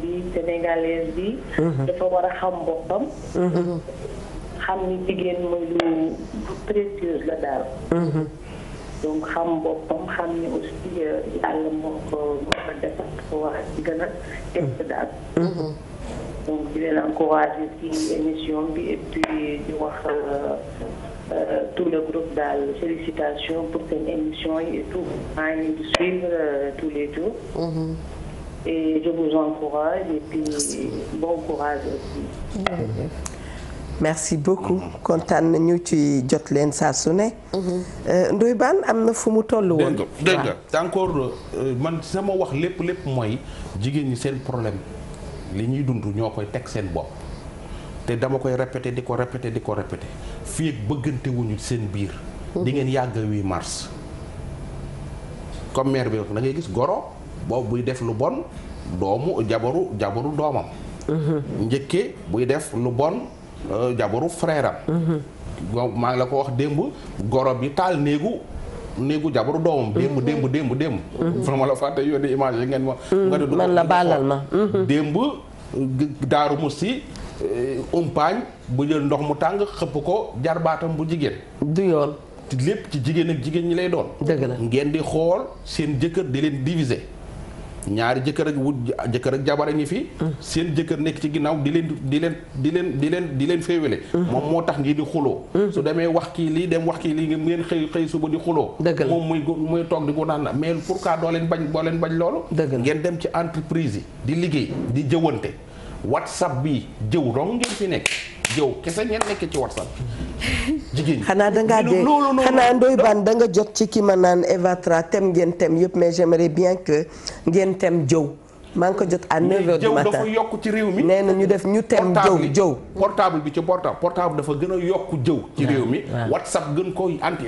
bi sénégalaise bi mm-hmm. dafa war a xam boppam mm-hmm. xam ni jigéen mooy lu précieuse la daal donc xam boppam xam ni aussi euh, yàlla moo ko moo ko defar war a gën a def daal. Mm-hmm. donc di leen encouragé ci émission bi et puis di wax euh, euh, tout le groupe dal félicitations pour seen émission yi et tout maa ngi di tous les jours. Mm-hmm. et je vous encourage et puis bon courage aussi. Mm-hmm. merci beaucoup kontaan nañu ci jot leen saa su ne. Euh, Ndoye Bane am na fu mu toll woon. dégg nga encore euh, man sama wax lépp lépp mooy jigéen ñi seen problème li ñuy dund ñoo koy teg seen bopp. te dama koy répété di ko répété di ko répété fii bëggante wuñu seen biir. Mhm. di ngeen yàgg 8 mars. comme maire bi da ngay gis goro boobu buy def lu bon doomu jabaru jabaru doomam. Mhm. njëkke buy def lu bon. Euh, jabaru frère am mm-hmm. maa ngi la ko wax démb goro bi taal néegu néegu jabaru doomam mm-hmm. démb démb démb démb mm-hmm. ma la fàtte yónnee image yi ngeen ma nga di man la bàllal ma démb daaru musi eh, umpaañ bu jël ndox mu tàng xëpp ko jarbaatam bu jigéen du yoon lépp ci jigéen ak jigéen ñi lay doon dëgg la ngeen di xool seen jëkkër di leen diviser ñaari jëkkër ak wut jëkkër ak jabar a ngi fi. Mm. seen jëkkër nekk ci ginnaaw di leen di leen di leen di leen di leen féewale. Mm. moom moo tax ngi di xuloo. Mm. su demee wax kii lii dem wax kii lii ngeen xëy xëy suba di xuloo. dëgg la moom muy muy toog di ko naan mais pourquoi doo leen bañ doo leen bañ loolu. dëgg ngeen dem ci entreprise yi. di liggéey di jëwante whatsapp bi jëw dong ngeen fi nekk. yow kese (laughs) xanaa dangaa dee xanaa ndoy baan da nga jot ci ki ma naan Evatra tem ngeen tem yëpp mais j'aimerais bien que ngeen tem jëw maa ngi ko jot à 9h du matin dafa ci réew mi nee na ñu def ñu tem jëw jëw portable bi ci portable portable dafa gën a yokk jëw ci réew mi whatsapp gën ko anti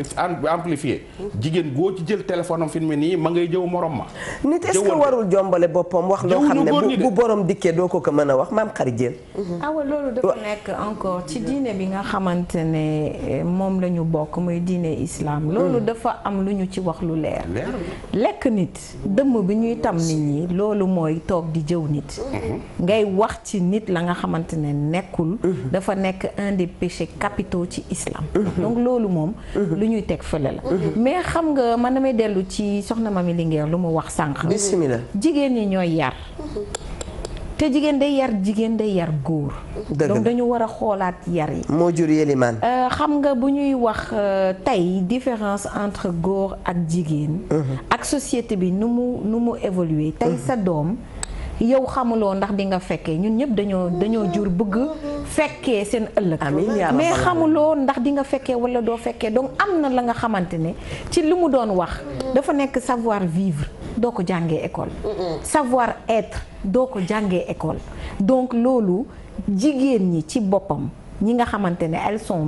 amplifié jigéen goo ci jël téléphone am fi mu nii ma ngay jëw morom ma nit est warul jombale boppam wax loo xam ne bu boroom dikkee doo ko ko mën a wax maam xari jël awa loolu dafa nekk encore ci diine bi nga xamante ne eh, moom la ñu bokk muy diine islam hmm. loolu dafa am lu ñu ci wax lu leer lekk nit dëmm toog di jëw nit ngay wax ci nit la nga xamante ne nekkul dafa nekk un des péchés capitaux ci islam donc loolu moom lu ñuy teg fële la mais xam nga mën man may dellu ci soxna Mami Linguère lu mu wax sànq bismillah jigéen ñi ñooy yar te jigéen day yar jigéen day yar góor. donc dañu war a xoolaat yar yi. moo jur yélimaan. Euh, xam nga bu ñuy wax euh, tey différence entre góor ak jigéen. ak société bi nu mu nu mu évoluer tey sa doom. yow xamuloo ndax di nga fekkee ñun ñëpp dañoo dañoo jur bëgg fekkee seen ëllëg mais xamuloo ndax di nga fekkee wala doo fekkee donc am na la nga xamante ne ci li mu doon wax dafa nekk savoir vivre doo ko jàngee école savoir être doo ko jàngee école donc loolu jigéen ñi ci boppam ñi nga xamante ne elles sont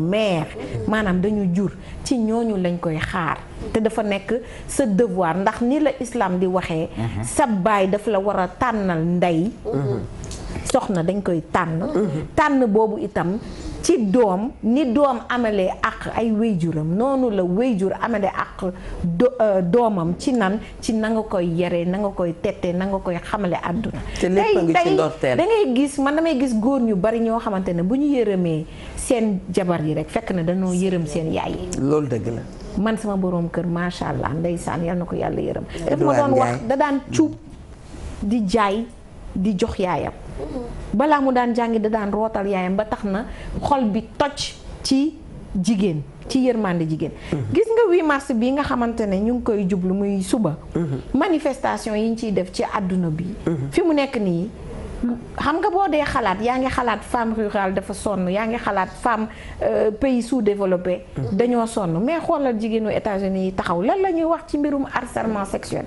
maanaam dañu jur ci ñooñu lañ koy xaar te dafa nekk sa devoir ndax ni la islam di waxee mhm. sa baay daf la war a tànnal ndey mhm. soxna dañ koy tànn mhm. tànn boobu itam ci doom ni doom amalee ak ay wéyjuram noonu la wéyjur amalee ak euh, doomam ci nan ci nanga nga koy yaree na nga koy tettee na nga koy xamale àdduna tey tey da ngay gis man damay gis góor ñu bari ñoo xamante ne bu ñu yërëmee seen jabar yi rek fekk na dañoo yërëm seen yaay yi loolu dëgg la man sama boroom kër macha allah ndeysaan yal na ko yàlla yërëm daf ma doon wax da daan cuub di jaay di jox yaayam balaa mu daan jàngi da daan rootal yaayam ba tax na xol bi toj ci jigéen ci yërmande jigéen. Mhm. gis nga 8 mars bi nga xamante ne ñu ngi koy jublu muy suba. Mhm. manifestation yi ñu ciy def ci àdduna bi. Mhm. fi mu nekk nii. xam nga boo dee xalaat yaa ngi xalaat femme rurale dafa sonn yaa ngi xalaat femme euh, pays sous-développé dañoo sonn mais xoolal jigéenu États-Unis yi taxaw lan la ñuy wax ci mbirum harcèlement sexuel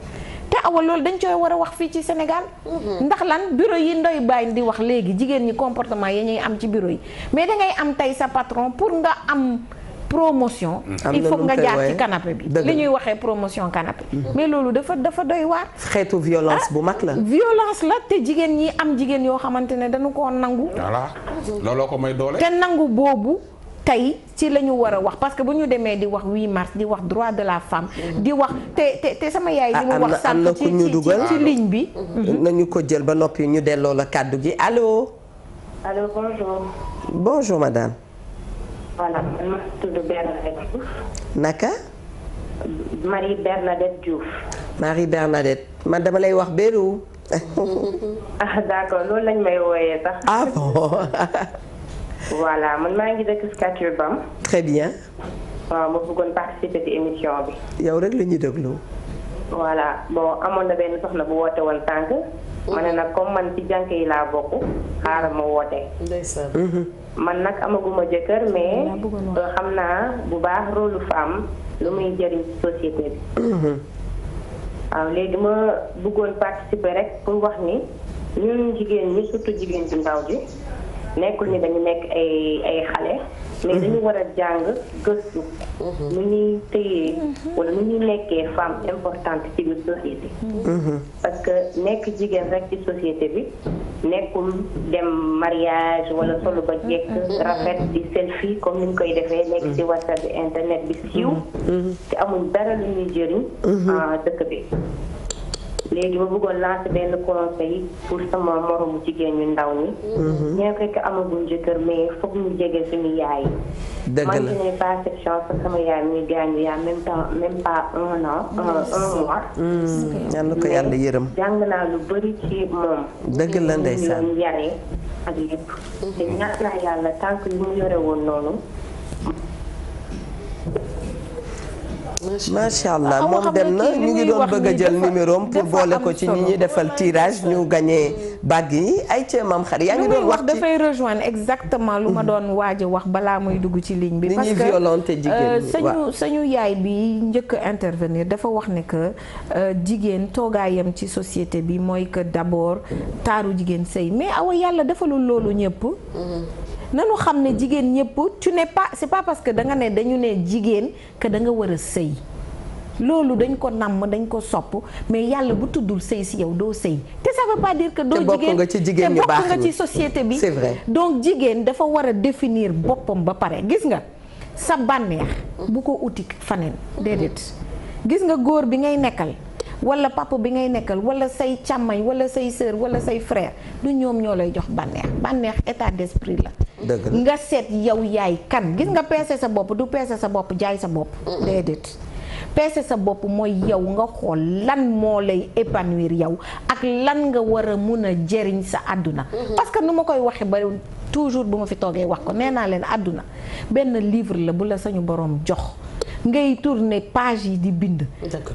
te awal loolu dañ koy war a wax fii ci Sénégal. Mhm. ndax lan bureau yi ndoy bàyyi di wax léegi jigéen ñi comportement yi ñuy am ci bureau yi mais dangay am tey sa patron pour nga am. promotion mhm. il faut nga jaar ci canapé bi li ñuy waxee promotion canapé mhm. mais loolu dafa dafa doy waar xeetu violence ah, bu mag la violence la te jigéen ñi am jigéen yoo xamante ne dañu ko nangu ah, ko may doole te nangu boobu tey ci la ñu war a wax parce que bu ñu demee di wax 8 mars di wax droit de la femme. di wax te te sama yaay. li mu ah, wax sànq ci ci ci bi. Mm-hmm. nañu ko jël ba noppi ñu delloo la kàddu gi allo. allo bonjour. bonjour madame. voilà ma naka. Marie Bernadette Diouf. Marie Bernadette man dama lay wax Bérou. (laughs) ah loolu lañ may wooyee sax. Ah, (laughs) voilà man maa ngi dëkk Scature Bam. très bien. waaw ma bëggoon participer ci émission bi. yow rek la ñuy déglu. voilà bon amoon na benn soxna bu woote woon tànk. ma ne nag comme man ci jànk yi laa bokk xaaral ma woote. Mhm. man nag amaguma jëkkër mais euh, xam naa bu baax rôle femme lu muy jëriñ ci société bi. Mhm. waaw léegi ma bëggoon participer rek pour wax ni ñun jigéen ñi surtout jigéen ju ndaw ji. nekkul ni dañu nekk ay ay xale. mais mhm. dañu war a jàng gëstu. Mhm. nu ñuy tëyee wala nu ñuy nekkee femme importante ci biir société. Mhm. parce que nekk jigéen rek ci société bi nekkul dem mariage wala solo ba jekk rafet di selfie comme ni ñu koy defee nekk ci whatsapp bi internet bi siiw. te amul dara lu ñuy jëriñ. dëkk bi. léegi ma bëggoon lancer benn conseil pour sama moromu jigéen ñu ndaw ñi. Mhm. ñoo fekk amaguñ jëkkër mais foog ñu jege suñu yaay. dëgg la man je sama yaay mi ngi gaañu yaa même temps même pas un an un mhm. mois. ñaan mhm. na ko yàlla yërëm. jàng naa lu bari ci moom. dëgg la ndeysaan ñu yaree ak lépp. ñaan naa yàlla tant que mu yore woon noonu. macha allah ah, moom dem na ñu ngi doon bëgg a jël numéro pour boole ko ci ñi ñuy defal tirage ñu gagné bag yi ay cee maam xar yaa ngi doon wax dafay rejoindre exactement lu ma mhm. doon waaj a wax balaa muy dugg ci ligne bi. parce euh, sañu sañu yaay bi njëkk a intervenir dafa wax ne que euh, jigéen toogaayam ci société bi mooy que d'abord taaru jigéen sëy mais awa yàlla defalul loolu ñëpp. Mhm. nanu xam ne jigéen ñëpp tu n'es pa c'est pas parce que da nga ne dañu ne jigéen que da nga war a sëy loolu dañ ko namm dañ ko sopp mais yàlla bu tuddul sëy si yow doo sëy te ça veut pas dire que doo jigéen te bokk nga ci société bi c'est jigéen dafa war a définir boppam ba pare gis nga sa bànneex bu ko uti faneen déedéet gis nga góor bi ngay nekkal wala papa bi ngay nekkal wala say càmmañ wala say sœur wala say frère du ñoom ñoo lay jox bànneex bànneex état d'esprit la nga seet yow yaay kan gis nga peese sa bopp du peese sa bopp jaay sa bopp déedéet peese sa bopp mooy yow nga xool lan moo lay épanouir yow ak lan nga war a mun a jëriñ sa àdduna parce que nu ma koy waxee bari toujours bu ma fi toogee wax ko nee naa leen àdduna benn livre la bu la sañu borom jox ngay tourner page yi di bind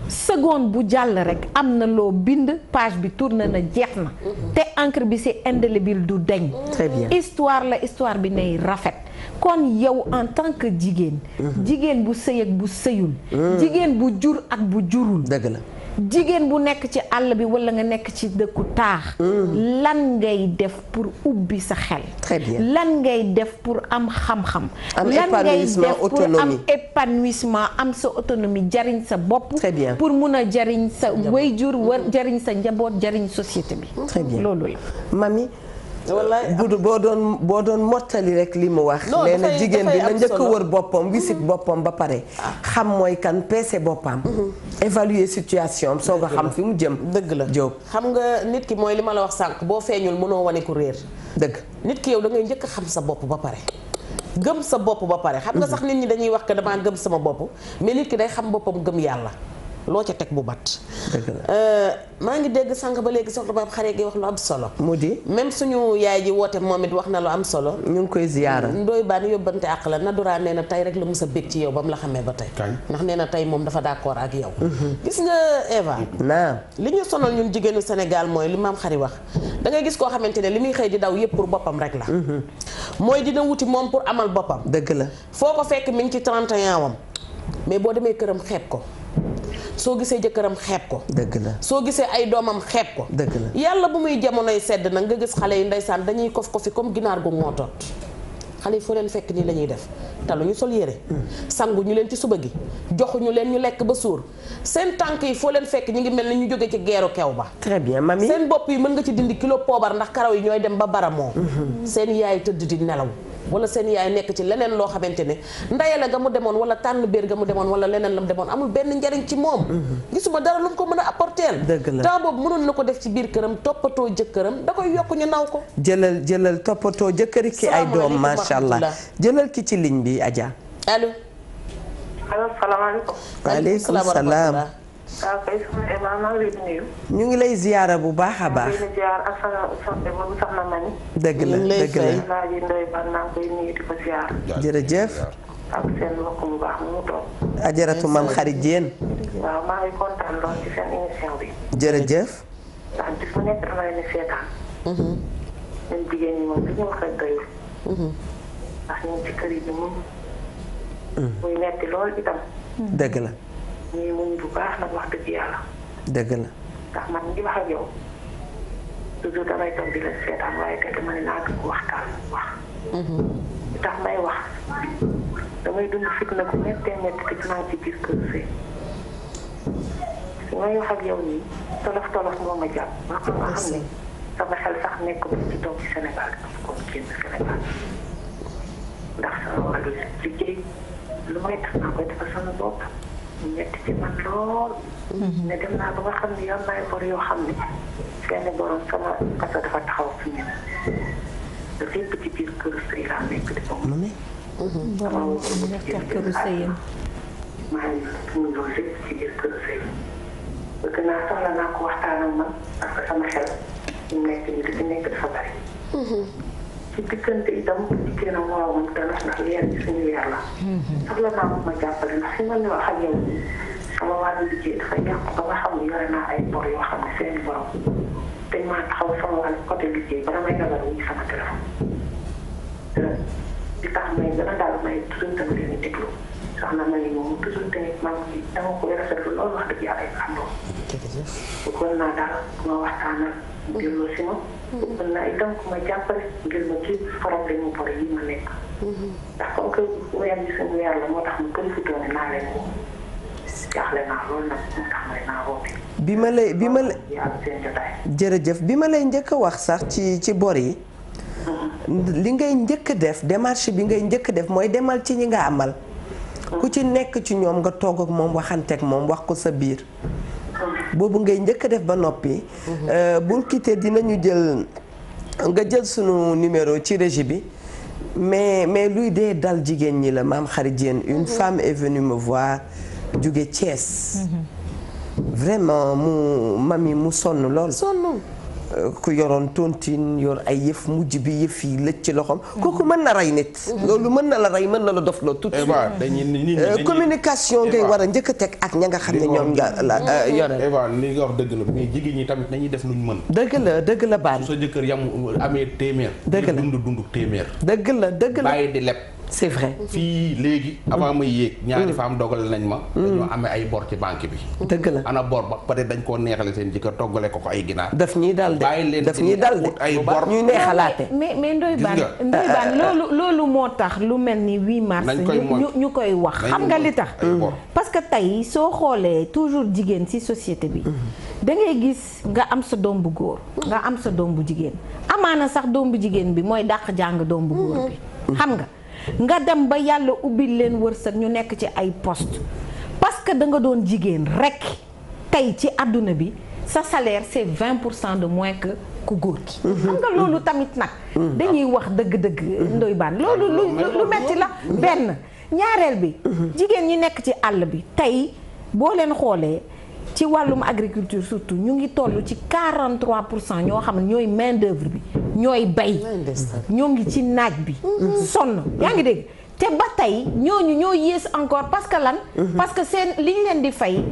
seconde bu jàll rek am na loo bind page bi tourner na jeex na mhm. te encre bi c'est indélébile du deñ très la histoire bi nay rafet kon yow en tant que jigéen mhm. jigéen bu sëy ak bu sëyul mhm. jigéen bu jur ak bu jurul dëgg la jigéen bu nekk ci àll bi wala nga nekk ci dëkku taax. lan ngay def pour ubbi sa xel. lan ngay def pour am xam-xam. lan ngay am épanouissement am sa autonomie jariñ sa bopp. très bien pour mun a jariñ sa wayjur war jariñ sa njaboot jariñ société bi. loolu la wallaay euh, Dudu boo doon boo doon mottali rek li mu wax. nee na jigéen bi njëkk wër boppam wisit mm-hmm. boppam ba pare. Ah. xam mooy kan peese boppam. Mm-hmm. évaluer situation am soo ko xam fi mu jëm. dëgg la Diop xam nga nit ki mooy li ma la wax sànq boo feeñul mënoo wane ku réer. dëgg nit ki yow dangay ngay njëkk xam sa bopp ba pare. gëm sa bopp ba pare. xam nga mm-hmm. sax nit ñi dañuy wax ko damaa gëm sama bopp mais nit ki day xam boppam gëm yàlla. loo ca teg bu bat euh, maa ngi dégg sànq ba léegi soxna Pape Xare gi wax lu am solo mu di même suñu yaay ji woote moom it wax na lu am solo ñu ngi koy ziyaara ndooy baan yóbbante àq la Nadoura nee na tey rek la mës a bég ci yow ba mu xamee ba tey ndax nee na tey moom dafa d'accord ak yow mm-hmm. gis nga Eva naam li ñu sonal ñun jigéenu senegal mooy li maam xari wax dangay gis koo xamante ne li muy xëy di daw yëpp pour boppam rek la mm-hmm. mooy dina wuti moom pour amal boppam dëgg la foo ko fekk mi ngi ci 31 wam mais boo demee këram xeeb ko soo gisee jëkkëram xeeb ko dëgg la soo gisee ay doomam xeeb ko dëgg la yàlla bu muy jamonoy sedd nag nga gis xale yi ndeysaan dañuy kof kofi comme ginaar gu ngootoot xale yi foo leen fekk nii lañuy ñuy def talu ñu sol yére mm. sangu ñu leen ci suba gi joxuñu leen ñu lekk ba suur seen tànk yi foo leen fekk ñu ngi mel na ñu jóge ci geeru kew ba bien mami seen bopp yi mën nga ci dindi kilo poobar ndax karaw yi ñooy dem ba baramoo mm-hmm. seen yaay tëdd di nelaw wala seen yaay nekk ci leneen loo xamante ne ndayale ga mu demoon wala tànn biir ga mu demoon wala leneen la mu demoon amul benn njariñ ci moom mm-hmm. gisuma dara lu mu ko mën a apporter temps boobu mënoon na ko def ci biir këram toppatoo jëkkëram da koy yokk ñu naw ko jëlal jëlal toppatoo jëkkëri ki ay doom masha allah jëlal ki ci ligne bi ajaa Adja allo allo salaamaaleykum waaleykum salaam ñu ngi lay ziyaara bu baax a baax. ñu ngi lay ziyaar ak sa dëgg la dëgg la jërëjëf. ak seen mbokk bu baax mu ngi toog. ajaratu maam jërëjëf. ndax bis bu nekk dama leen seetaan. Mhm. Mhm. Mhm. muy metti lool itam. dëgg la. ñuy muñ bu baax na wax dëgg yàlla. dëgg la. ndax man ngi di la seetaan waaye kat dama ne naa dugg wax. li mhm. tax may wax damay dund fitna ku méttee métti te dinaa ci gis kër si. su may wax ak yow nii tolof tolof moo ma jàpp. ma xam ma xam ne sama xel sax nekkul ci toog ci Sénégal dafa ko génn Sénégal ndax sama wàllu liggéey lu may tax naa koy defal sama bopp. metti ci man lool. Mhm. ne dem naa ba nga xam ne yor naa bor yoo xam ne seen borom sama kasa dafa taxaw fi ñu ne lépp ci biir këru sëy laa nekk di ko mën. borom nekk këru sëyam. maa ngi tudd loolu lépp ci biir këru sëy. bëgg naa soxla naa ko sama xel nekk ñu di fi nekk dafa bari. Mhm. ci diggante itam diggante moroomam dana ndax weer bi suñu weer la. soxla naa ko ma jàppale ndax fi ma ne wax ak yow sama wàllu liggéey dafa yàqu ba nga xam ne yore naa ay bor yoo xam ne seen borom dañ maa tax may gën a daal may toujours tamit leen déglu soxna Maly tamit maa ngi dama koy rafetlu loolu wax dëgg yàlla ay àndoon. jërëjëf bëggoon naa daal ma waxtaan ak. Mm-hmm. Mm-hmm. bi seen ma bi ma lay bi ma lay jërëjëf bi ma lay njëkk a wax sax ci ci bor yi. Mm-hmm. li ngay njëkk a def démarche bi ngay njëkk a def mooy demal ci ñi nga amal. ku ci nekk ci ñoom nga toog ak moom waxanteeg moom wax ko sa biir. boobu ngay njëkk a def ba noppi. Mhm. Euh, bul quitté dinañu jël nga jël sunu numéro ci régie bi. mais mais luy dee dal jigéen ñi la maam xarit Diène une mhm. femme est venue me jóge Thiès. Mhm. vraiment mu mami mu sonn lool. sonn ku yoroon tontine yor ay yëf mujj bi yëf yi lëj ci loxoom. kooku mën na rey nit. loolu mën na la rey mën na la dof loo tout de suite communication eh ngay war a njëkk a teg ak ña nga xam ne ñoom nga la eh euh, yore. Eva eh li nga wax dëgg la mais jigéen ñi tamit nañuy def lu nuñ mën. dëgg la dëgg la baan. sa jëkkër yam amee téeméer. dëgg la dund téeméer. dëgg la dëgg la di leb. c'est vrai. ci léegi avant may yéeg. ñaari am mm. dogal nañ ma. Mm. dañoo amee ay bor ci banque bi. dëgg la ana bor ba pare dañ koo neexale seen jëkkër toggale ko ko ay ginaar. daf ñuy dal de bàyyi leen ci ay bor ñuy neexalaate. mais mais Ndoye Bane Ndoye Bane loolu loolu moo tax lu mel ni 8 mars. ñu ñu koy wax xam nga li tax. Mm. parce que tey soo xoolee toujours jigéen ci société bi. da ngay gis nga am sa doom bu góor. nga am sa doom bu jigéen amaana sax doom bu jigéen bi mooy daq jàng doom nga dem ba yàlla ubbi leen wërsëg ñu nekk ci ay poste parce que da nga doon jigéen rekk tey ci àdduna bi sa salaire c'est vingt pour cent de moins que ku góor ki mhm. xam nga loolu tamit nag mhm. ah. dañuy wax dëgg-dëgg mhm. ndoy baan loolu lu ah, lu metti la benn ñaareel bi jigéen ñi nekk ci àll bi tey boo leen xoolee ci wàllum agriculture surtout ñu ngi toll ci 43 pour cent ñoo xam ne ñooy main d'œuvre bi ñooy bay ñoo ngi ci naaj bi mm-hmm. sonn yaa ngi dégg te ba tey ñooñu ñoo yées encore parce que lan mm-hmm. parce que seen liñ leen di fay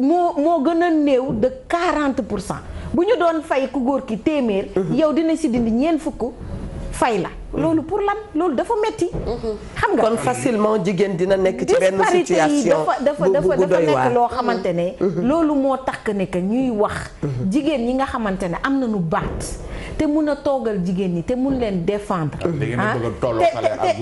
moo moo gën a néew de 40 pour cent bu ñu doon fay ku góor ki téeméer mm-hmm. yow dina si dindi ñeent fukk fay la loolu pour lan loolu dafa metti xam nga kon facilement jigéen dina nekk ci benn situation dafa dafa dafa nekk loo xamante ne mm-hmm. Mm-hmm. loolu moo takk ne que ñuy wax mm-hmm. jigéen ñi nga xamante ne am nañu baat te mun a toogal jigéen ñi te mun leen défendre ah. te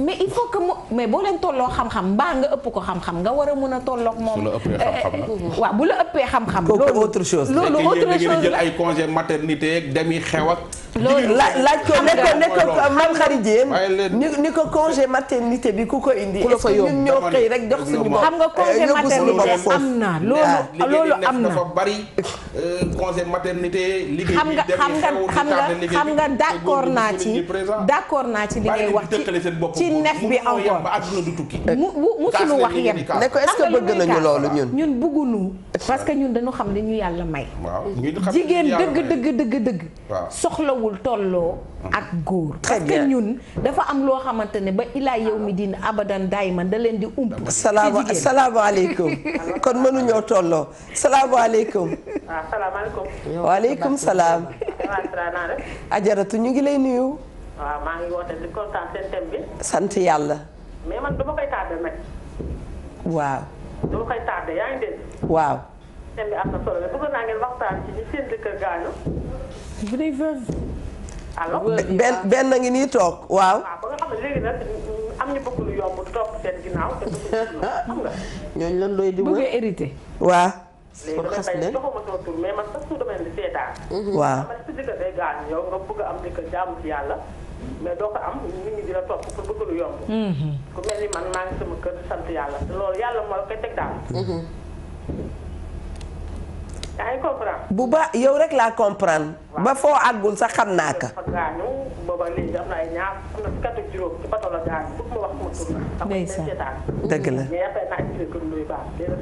mais il faut que mu mais boo leen tolloo xam-xam mbaa nga ëpp ko xam-xam nga war a mun a tolloog moom eh, eh, eh, waaw bu la ëppee xam-xam loolu autre chose loolu autre chose jël ay congé maternité demi xew ak loolu laaj ko nekk donc man xarit Diène ni ni ko congé maternité bi ku ko indi. ku la fa yóbbu ñun ñoo xëy rek jox suñu xam nga congé eh, maternité am na loolu ah, loolu am na. dafa bari euh, congé maternité. liggéey bi dem xam nga xam nga d'accord naa ci d'accord naa ci li ngay wax ci nef bi encore mu mu musuñu wax yem. ne ko est-ce que bëgg nañu loolu ñun. ñun bëgguñu parce que ñun dañu xam ne ñu yàlla may. jigéen dëgg dëgg dëgg dëgg. soxlawul tolloo ak góor. recours. parce dafa am loo xamante ne ba ilaa yow mi diin abadan daay man da leen di ump. salaama salaamaaleykum. kon mënuñoo tolloo salaamaaleykum. waaw ah, salaamaaleykum. waaleykum salaam. ñu ngi lay nuyu. waaw maa ngi woote di kontaan sant yàlla. mais man dama koy tardé nag. waaw. dama koy tardé yaa ngi dégg. waaw. bi am na solo allo benn benn ngi nii toog waaw. waaw ba nga xam ne léegi nag am ñu bëgg lu yomb topp seen ginnaaw te (laughs) xam nga. ñooñu lan looy mais man sax su demee ni mhm. a am ko jaamu yàlla. mais doo ko am nit ñi dina topp pour bëgg lu yomb. Mhm. ku yaa comprendre. bu ba yow rek laa comprendre. ba foo àggul sa xam naa ka. booba léegi am na ay ñaar am na fukki at ak juróom ci bato ma tur dëgg la. yëpp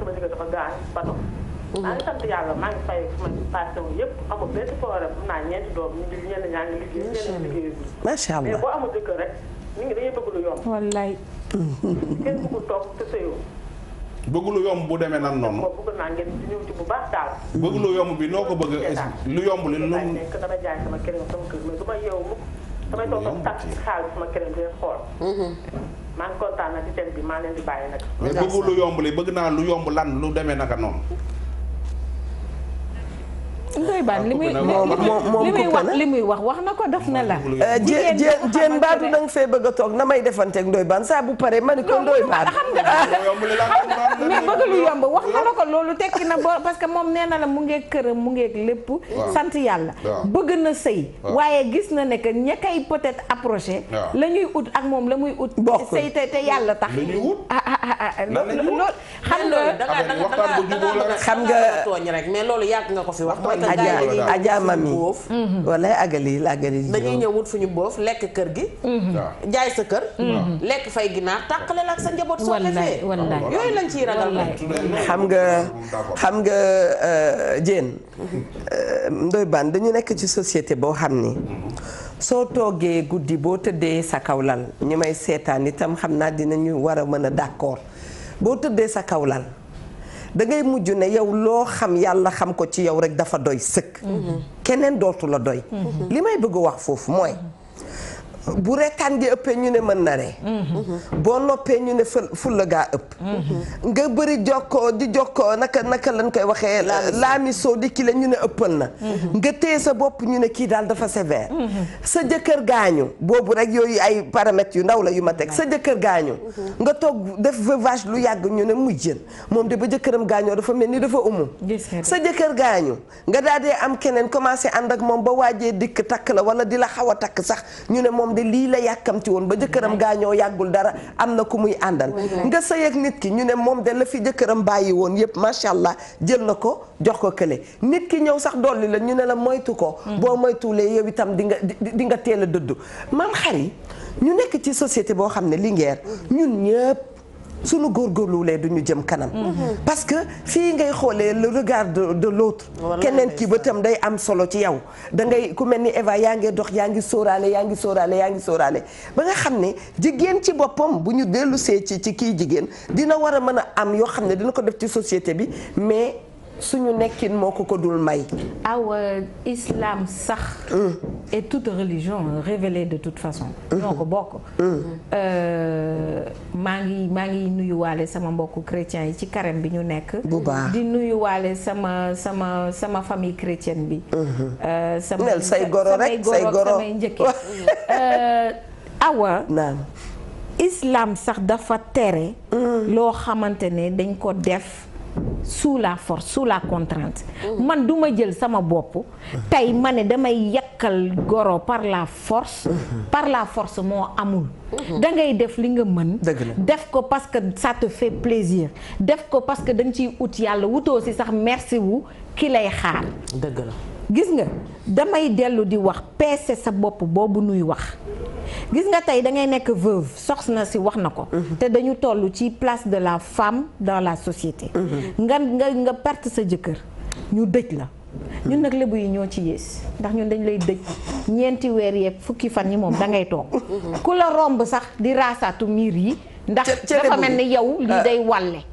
mhm. amul macha allah mais bëgg lu yomb bu demee nan noonu. bëgg naa ngeen ñëw yomb bi noo ko bëgg lu yomb li lu nekk dama jaay sama keneen sama kër mais du ma yeewu mukk damay toog sama tax xaalis mm-hmm. maa ngi kontaan na ci seen maa leen di bàyyi nag. mais bëgg lu yomb li bëgg naa lu yomb lan lu demee naka noonu. Ndoye Bane ah, li muy li muy wax li muy wax wax na ko def na la. jigéen jigéen jigéen baatu da fee bëgg a toog na may defanteeg Ndoye Bane saa bu paree ma ni ko Ndoye Bane. mais bëgg lu yomb wax na la ko parce que moom nee na la mu ngeeg këram mu ngeeg lépp. sant yàlla bëgg na sëy. waaye gis na ne que ña kay peut-être la ñuy ut moom la muy ut. bokkul yàlla tax. Ah, ah, loolu xam nga. xam nga. mais loolu yàgg nga ko fi wax. Adja Mami walaay agali la agali dañuy ñëw wut fu ñu boof lekk kër gi mhm. jaay sa kër mhm. lekk fay ginaar tàqale la ak sa njaboot soo defee yooyu lañ ciy ragal la xam nga xam nga euh, Diène euh, Ndoye dañu nekk ci société boo xam ni soo toogee guddi boo tëddee sa kaw lal ñu may seetaan itam xam naa dinañu war a mën a d'accord boo tëddee sa kaw lal da ngay mujj ne yow loo xam yàlla xam ko ci yow rek dafa doy sëkk. Mhm. keneen dootu la doy. Mhm. li may bëgg wax foofu mooy. Mhm. bu reetaan gi ëpp ñu ne mën na ree mm-hmm. boo noppee ñu ne fulla gaa ëpp mm-hmm. nga bëri jokkoo di jokkoo naka naka lañ koy waxee laamisoo soo kii la ñu ne ëppal na mm-hmm. nga téye sa bopp ñu ne kii daal dafa sévère sa jëkkër gaañu boobu rek yooyu ay paramètres yu ndaw la yu ma teg sa jëkkër gaañu nga toog def veuvage lu yàgg ñu ne muy jën moom de ba jëkkëram gaañoo dafa mel ni dafa umu sa jëkkër gaañu nga daal dee am keneen commencé ànd ak moom ba waajee dikk takk la wala di la xaw a takk sax moom de lii la yàkkamti woon ba jëkkëram gaa ñoo yàggul dara am na ku muy àndal nga sëy ak nit ki ñu ne moom de la fi jëkkëram bàyyi woon yépp macha allah jël na ko jox ko kële nit ki ñëw sax dolli la ñu ne la moytu ko mm. boo moytuwulee yow itam di nga di nga teel a dëddu man xari ñu nekk ci société boo xam ne lingeer ñun ñëpp suñu góorgóorluwulee du ñu jëm kanam mhm. parce que fii ngay xoolee le regard de de l'autre keneen ki bëtam day am solo ci yow da ngay ku mel ni Eva yaa ngi dox yaa ngi sóoraale yaa ngi sóoraale yaa ngi sóoraale ba nga xam ne jigéen ci boppam bu ñu dellu see ci ci kii jigéen dina war a mën a am yoo xam ne dina ko def ci société bi mais suñu nekkin moo ko ko dul may. aw islaam sax. Mm. et toute religion révélée de toute façon. Mm-hmm. ñoo ko bokk. Mm-hmm. Euh, maa ngi maa ngi nuyuwaale sama mbokku chrétien yi ci carême bi ñu nekk. bu baax di nuyuwaale sama sama sama famille chrétienne bi. Mm-hmm. Euh, sama say goro rek say samay njëkke (laughs) euh, awa islam sax dafa tere. Mm. loo xamante ne dañ ko def. sous la force sous la contrainte. man duma jël sama bopp. tey ma ne damay yàkkal goro par la force. par la force moo amul. da ngay def li nga mën. def ko parce que ça te fait plaisir. def ko parce que da ciy ut yàlla wutoo si sax merci wu ki lay xaar. dëgg la gis nga damay dellu di wax peese sa bopp boobu nuy wax. gis nga tey da ngay nekk veuve soxna si wax na ko. Mhm. te dañu toll ci place de la femme dans la société. Mhm. nga nga nga perte sa jëkkër ñu dëj la. ñun nag lébu yi ñoo ci yées ndax ñun dañ lay dëj ñeenti weer yeeg fukki fan yi moom da ngay toog mhm. ku la romb sax di raasaatu miir yi. ndax dafa mel ni yow li ah. day wàlle.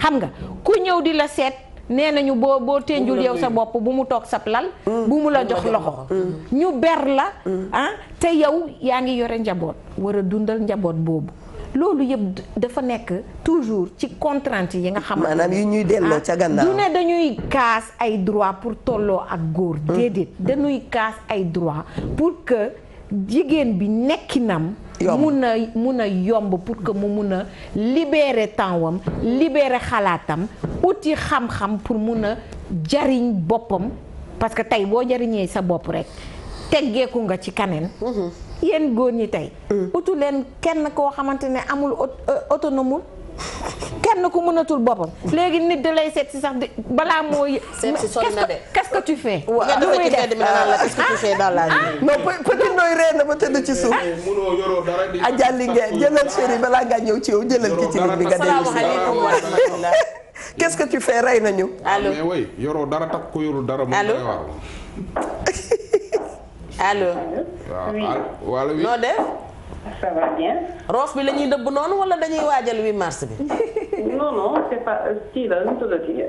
xam nga ku ñëw di la seet. nee nañu boo boo tënjul yow sa bopp bu mu toog sab lal bu mu la jox loxo mm. ñu ber la mm. ah te yow yaa ngi yore njaboot war a dundal njaboot boobu loolu yëpp dafa nekk toujours ci contrainte yi nga xam maanaam yu ñuy delloo ca gannaaw ah, du ne dañuy kaas ay droit pour tolloo ak góor mm. déedéet dañuy kaas ay droit pour que jigéen bi nekkinam mun a mun a yomb pour que mu mun a libérer temps wam libérer xalaatam uti xam-xam pour mun a jariñ boppam parce que tey boo jariñee sa bopp rek teggeeku nga ci kaneen mhm. yéen góor ñi tey mm. utu kenn koo xamante ne amul euh, autonomul kenn ku mënatul boppam. léegi nit da lay seet si sax di balaa moo. seet si sonn na de qu'est-ce que tu fais. lu muy def la qu'est-ce que tu la ah, vie. na ba tëdd ci suuf. Ah, munoo yoroo dara ah, ci yow jëlal ki ci ligne bi nga dellu que tu fais rey nañu. allo mais oui dara takk yorul dara. allo allo. allo. roof bi lañuy ñuy dëbb noonu wala dañuy waajal 8 mars bi. (laughs) non non c'est pas euh, euh, kii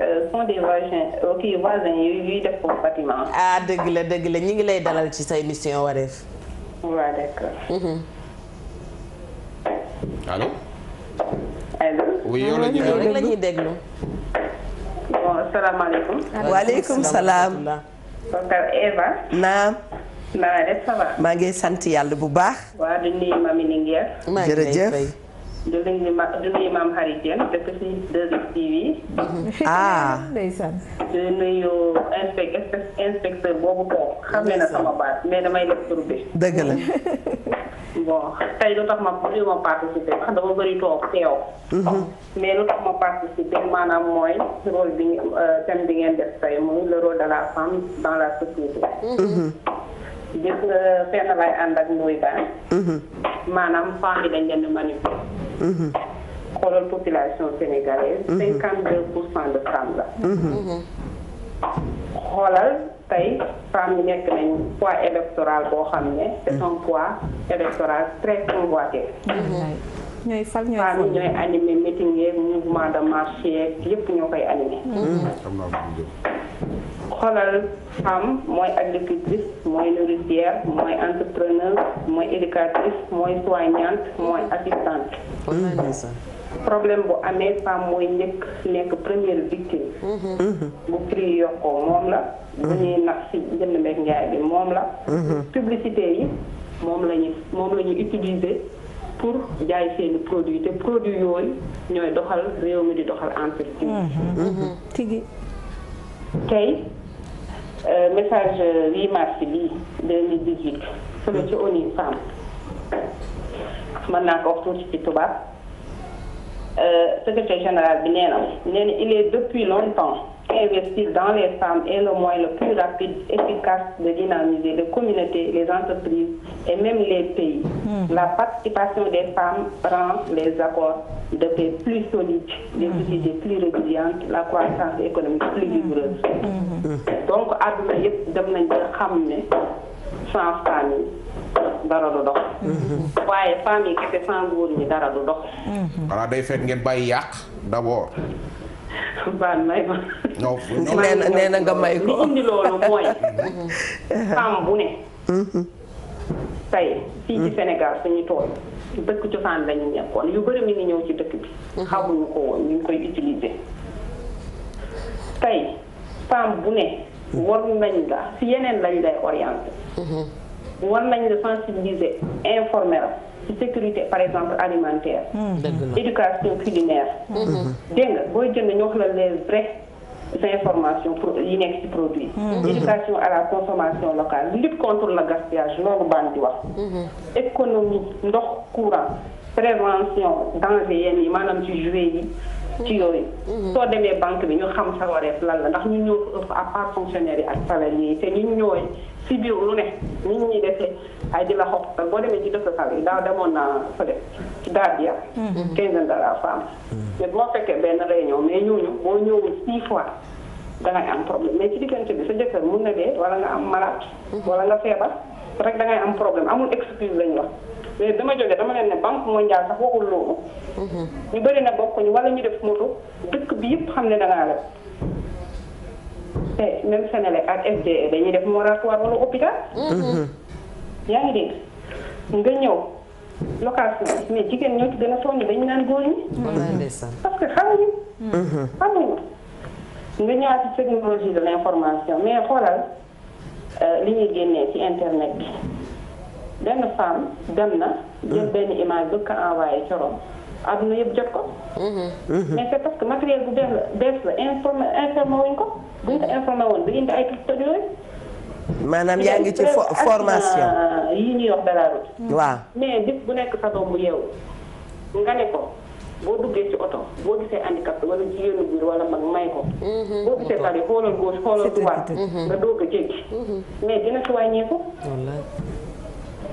ah, dëgg la dëgg la ñu ngi lay dalal ci sa émission wareef. waaw d'accord. allo. Mhm. allo. oui yow la déglu yow la ñuy déglu. bon salaam. naam. naa eh, maa ngi sant yàlla bu baax. waaw di nuyu Mamy Linguère. maa ngi lay fay jërëjëf. di nuyu ma di nuyu maam si 2 ah ndeysaan. di inspecteur boobu toog xamee na sama baat mais damay def tur bi. dëgg la. (laughs) bon tey lu tax ma lu toog teew. Mhm. mais lu tax ma participer maanaam mooy rôle bi euh, thème bi ngeen def tey muy le rôle de la femme dans la société. Mhm. gis fenn lay ànd ak muy ba mhm. maanaam femme yi dañ leen di manipuler mhm. xoolal population sénégalaise mhm. cinquante deux pour cent de femmes la xoolal tey femmes yi nekk nañ poids électoral boo xam ne c'est un poids électoral très convoité ñooy fal ñooy fal ñooy meeting yeeg mouvement de marché yeeg yëpp ñoo koy animé xolal femme mooy agricultrice mooy nourricière mooy entrepreneur mooy éducatrice mooy soignante mooy assistante problème bu amee femme mooy njëkk nekk première victime mm-hmm. bu prix yokkoo moom la mm-hmm. bu ñuy nax si jënd mbéeg njaay bi moom la mm-hmm. publicité yi moom lañu moom la ñu utiliser pour jaay seeni produit te produit yooyu ñooy doxal réew mi di doxal entreprise tigi tey Euh, message 8 euh, mars bi 2018 fële ci ONU Femmes mën naa ko wax tuuti ci tubaab euh, secrétaire général bi nee na nee na il est depuis longtemps investir dans les femmes est le moyen le plus rapide, efficace de dynamiser les communautés, les entreprises et même les pays. Mmh. La participation des femmes rend les accords de paix plus solides, les hmm. sociétés plus résilientes, la croissance économique plus vigoureuse. Hmm. Hmm. donc àdduna yëpp dem nañ ba xam ne sans femme yi dara du dox. waaye femme yi kese sans góor ñi dara du dox. voilà day fekk ngeen bàyyi yàq d'abord. baal may ma. nee na nga may ko li indi loolu mooy. femme bu ne. Mm-hmm. tey fii ci Sénégal suñu tool dëkk cosaan lañu nekkoon yu bëri mi ngi ñëw ci dëkk bi. Mm-hmm. xamuñu ko woon ñu koy utiliser. tey femme bu ne. war nañ la si yeneen lañ lay orienté. Mm-hmm. war nañ la sensibiliser informer ci sécurité par exemple alimentaire. Hmm. éducation culinaire. Hmm. dégg nga booy jënd ñu wax la les vraies informations pour yi nekk ci produit. Hmm. éducation à la consommation locale lutte contre la gaspillage loolu baan di wax. économie ndox courant. prévention danger yenn yi maanaam ci jouet yi ci yooyu mhm. soo demee banque bi ñu xam sa wareef lan la ndax ñu ñoo ko ëpp à part yi ak salarié yi te ñu ñooy si biir lu ne nit ñi defee ay di la xoxtal boo demee ci dëkk sal yi daaw demoon naa fële ci Dardia mhm. quinzaine de la femme mhm. mais boo fekkee benn réunion mais ñooñu boo ñëwul six fois dangay am problème mais ci diggante bi sa jëkkër mun na dee wala nga am malade wala nga feebar rek dangay am problème amul excuse lañ wax mais bi ma dama leen ne banque mondiale sax waxul loolu. Mhm. ñu bëri na bokkuñu walla ñu def moto dëkk bi yëpp xam ne danaa la. te eh, même Sénélec ak SDE dañuy def moratoire wala hôpital. Mhm. yaa ngi dégg nga ñëw. location mais jigéen ñoo ci gën a sonn dañu naan góor ñi. parce que xamuñu. Mhm. xamuñu nga ñëwaat ci technologie de l' information mais xoolal euh, li ñuy génnee ci internet bi. benn femme dem na. Hmm. benn image bëgg ko envoyé corom àdduna yëpp jot ko. Hmm. Hmm. mais c'est parce que matériel bu bees la bees la informé informé wuñ ko buñ ko informé woon bi ay toj maanaam yaa ngi ci formation yi ñuy wax dara waaw mais bis bu nekk sa doom bu yeewu nga ne ko boo duggee ci oto boo gisee handicap wala jigéenu biir wala mag may ko. boo gisee tali xoolal gauche xoolal droite nga doog a jéggi. mais dina ci wàññeeku.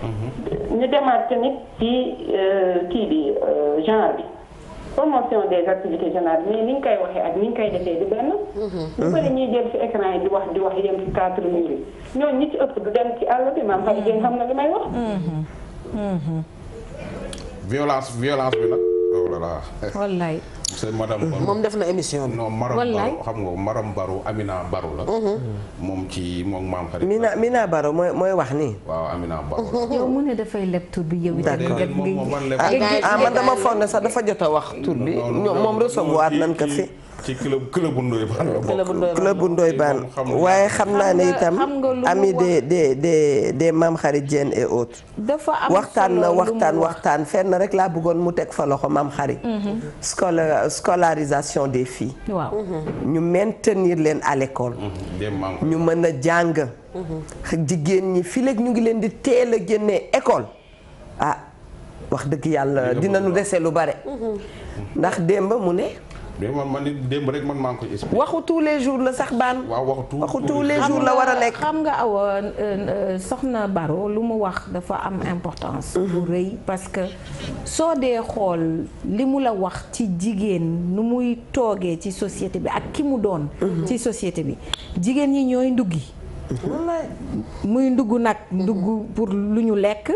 Mhm. ñu demaat tamit ci euh, kii bi euh, genre bi promotion des activités générales mais ni ñu koy waxee ak ni ñu koy defee di benn. bu mhm. bari ñuy jël ci écran yi di wax di wax yem ci quatre murs ñooñu ci ëpp du dem ci àll bi maam xam ngeen xam na li may wax. Mhm. violence violence bi nag. Oh wallaay. c'est madame Barou moom def na émission bi. non Maram Barou xam nga Maram Barou Amina Barou la. Mhm. moom ci moom maam xarit. Mina Mina Barou mooy mooy wax nii. waaw Amina Barou la. yow mu ne dafay leb tur bi yow. d'accord ah, ah man dama foog ne sax dafa jot a wax tur bi. moom recevoir nan ko fi. ci club club Ndoye Bane la bokk waaye xam naa ne itam ami des de de de Mame Khary Diène et autres waxtaan na waxtaan waxtaan fenn rek laa bëggoon mu teg fa loxo Mame Khary mhm. scola scolarisation des filles mhm. ñu maintenir leen à l'école mhm. ñu mën a jàng jigéen ñi fii léegi ñu ngi leen di teel a génne école ah wax dëgg yàlla dinañu dese lu bare ndax démb mu ne mais man man it démb rek man maa ngi koy expliqué. waxu tous les jours la sax baan. waaw waxu tous les jours la war a lekk. xam nga aw euh, soxna Baro lu mu wax dafa am importance. bu mhm. rëy parce que soo dee xool li mu la wax ci jigéen nu muy toogee ci société bi ak ki mu doon. Mhm. ci société bi jigéen ñi ñooy nduggi. wala muy ndugg nag. ndugg pour lu ñu lekk.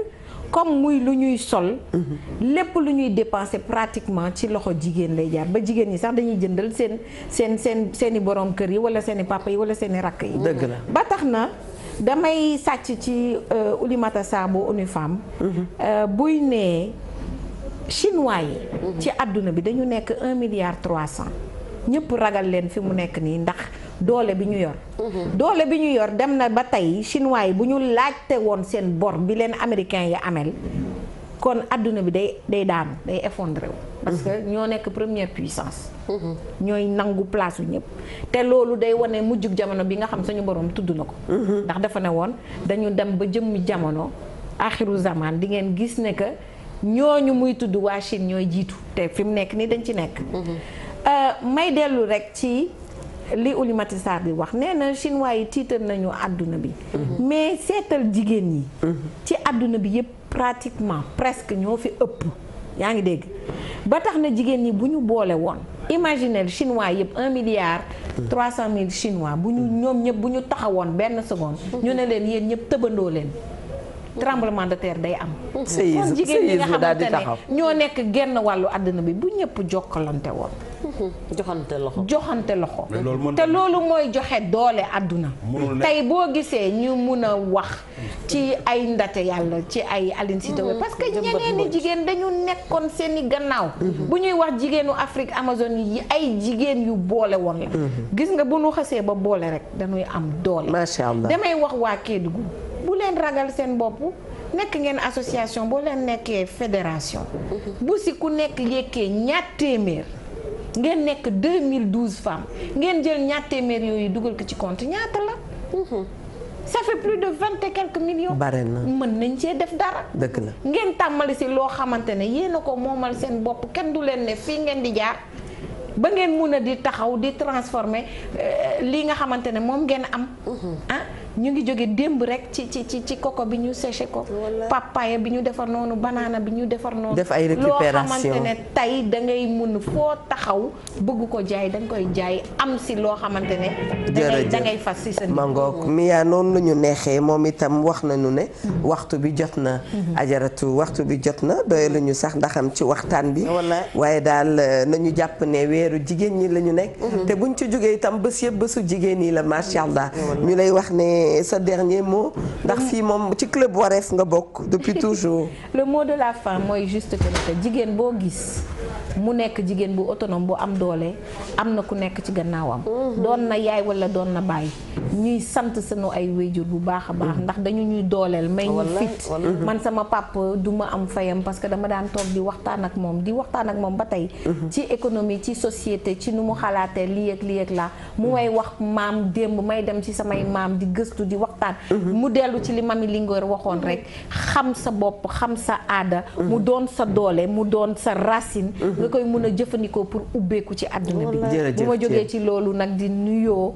comme muy lu ñuy sol. Mhm. lépp lu ñuy dépenser pratiquement ci loxo jigéen lay jaar ba jigéen ñi sax dañuy jëndal seen seen seen seeni i borom kër yi wala seen i papa yi wala seen i rakk yi. dëgg la ba tax na damay sàcc ci euh, Oulimata Sabo ONU Femmes. Mhm. Euh, buy nee chinois yi. Mhm. ci àdduna bi dañu nekk un milliard trois cent. ñëpp ragal leen fi mu nekk nii ndax doole bi ñu yor mhm. doole bi ñu yor dem na ba tey chinois yi bu ñu laajte woon seen bor bi leen américain yi amel kon adduna bi day day daanu day effondré wu parce que ñoo nekk première puissance mhm. ñooy nangu place yu ñëpp te loolu day wane mujjug jamono bi nga xam suñu borom tudd na ko mhm. ndax dafa ne woon dañu dem ba jëmmi jamono axiru zaman di ngeen gis ne que ñooñu muy tudd waa Chine ñooy jiitu te fi mu nekk nii dañ ci nekk Euh, may dellu rek ci li Oulimata Sarr di wax nee na chinois yi tiital nañu àdduna bi. Mhm. mais seetal jigéen ñi. Mhm. ci àdduna bi yëpp pratiquement presque ñoo fi ëpp. yaa ngi dégg ba tax na jigéen ñi bu ñu boole woon imaginez chinois yëpp un milliard mhm. trois cent mille chinois bu ñu ñoom ñëpp bu ñu taxawoon benn seconde. ñu ne leen yéen ñëpp tëbandoo leen. tremblement de terre day am. séisme séisme daal di taxaw kon jigéen nga xamante ne ñoo nekk genn wàllu àdduna bi bu ñëpp jokkalante woon. (laughs) joxante loxo joxante loxo. te loolu mooy joxe doole àdduna. tey boo gisee ñu mun a wax. ci ay ndate yàlla ci ay Aline Sitoé mm-hmm. parce que ñeneen i jigéen dañu nekkoon seen i gannaaw. Mm-hmm. bu ñuy wax jigéenu Afrique Amazon yi ay jigéen yu boole woon mm-hmm. gis nga bu nu xasee ba boole rek dañuy am doole. damay wax waa Kédougou. bu leen ragal seen bopp nekk ngeen association boo leen nekkee fédération mhm. bu si ku nekk yëkkee ñaar téeméer ngeen nekk 2012 femmes ngeen jël ñaar téeméer yooyu dugal ko ci compte ñaata la mhm. ça fait plus de vingt et quelques mën nañ cee def dara. dëgg la ngeen tàmbali si loo xamante ne yéen a ko moomal seen bopp kenn du leen ne fii ngeen di jaar ba ngeen mun a di taxaw di transformer euh, li nga xamante ne moom ngeen am. Mhm. Ah, ñu ngi jóge démb rek ci ci ci ci koko bi ñu séché ko. papaya bi ñu defar noonu banana bi ñu defar noonu. def ay récupération loo da mun foo taxaw bëgg ko jaay da koy jaay am si loo xamante ne. jërëjëf da ngay fas si sa. la ñu neexee moom itam wax nañu ne. Mhm. waxtu bi jot na. Mhm. ajaratu waxtu bi jot na doy ñu sax ndaxam ci waxtaan bi. waaye daal euh, nañu jàpp ne weeru jigéen ñi lañu ñu nekk. Mhm. te buñ ci jógee itam bés yëpp bésu jigéen yi la macha ñu lay wax ne. amee sa dernier mot ndax fii moom ci club wareef nga bokk depuis (laughs) toujours. le mot de la fin mooy juste que jigéen boo gis mu nekk jigéen bu autonome bu am doole am na ku nekk ci gannaawam. Mhm. doon na yaay walla doon na bàyyi. ñuy sant sunu ay wéjur bu baax a baax mm-hmm. ndax dañu ñuy dooleel may ñu fit man sama pap du ma am fayam parce que dama daan toog di waxtaan ak moom di waxtaan ak moom ba tey mm-hmm. ci économie ci société ci nu mu xalaatee lii ak lii ak laa mu may mm-hmm. wax maam démb may dem ci samay maam di gëstu di waxtaan mu dellu ci li mami Linguère waxoon rek xam sa bopp xam sa aada mu doon sa doole mu doon sa racine nga koy mun a jëfandikoo pour ubbeeku ci àdduna bi bu ma jógee ci loolu nag di nuyoo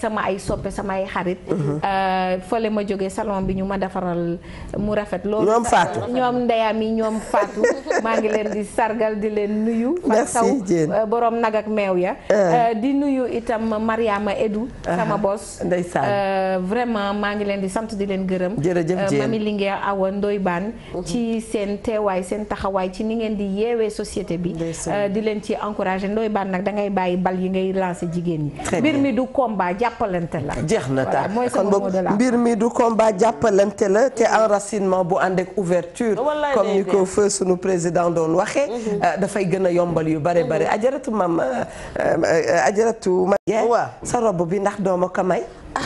sama ay sob soppe samay xarit. Mhm. Euh, fële ma jóge salon bi ñu ma defaral mu rafet. loolu ñoom Fatou ñoom ndeyam yi ñoom Fatou (laughs) maa ngi leen di sargal di leen nuyu. merci Dieng euh, borom nag ak meew ya. Eh. Euh, di nuyu itam Mariama Edou. sama bos. ndeysaan vraiment maa ngi leen di sant di leen gërëm. jërëjëf Dieng mami Linguère Awa Ndoye Bane. Mhm. ci seen teewaay seen taxawaay ci ni ngeen di yeewee société bi. di leen ci encouragé ndoy Bane nag da ngay bàyyi bal yi ngay lancé jigéen ñi. mbir mi du combat jàppalante jeex na ta kon boog mbir mi du combat jàppalante la te enracinement bu ànd ak ouverture comme ni ko feu président doon waxe mhm. euh, dafay gën a yombal yu bare bare mhm. ajaratu mam euh, euh, ajaratu ma sa rob bi ndax dooma ko may ah,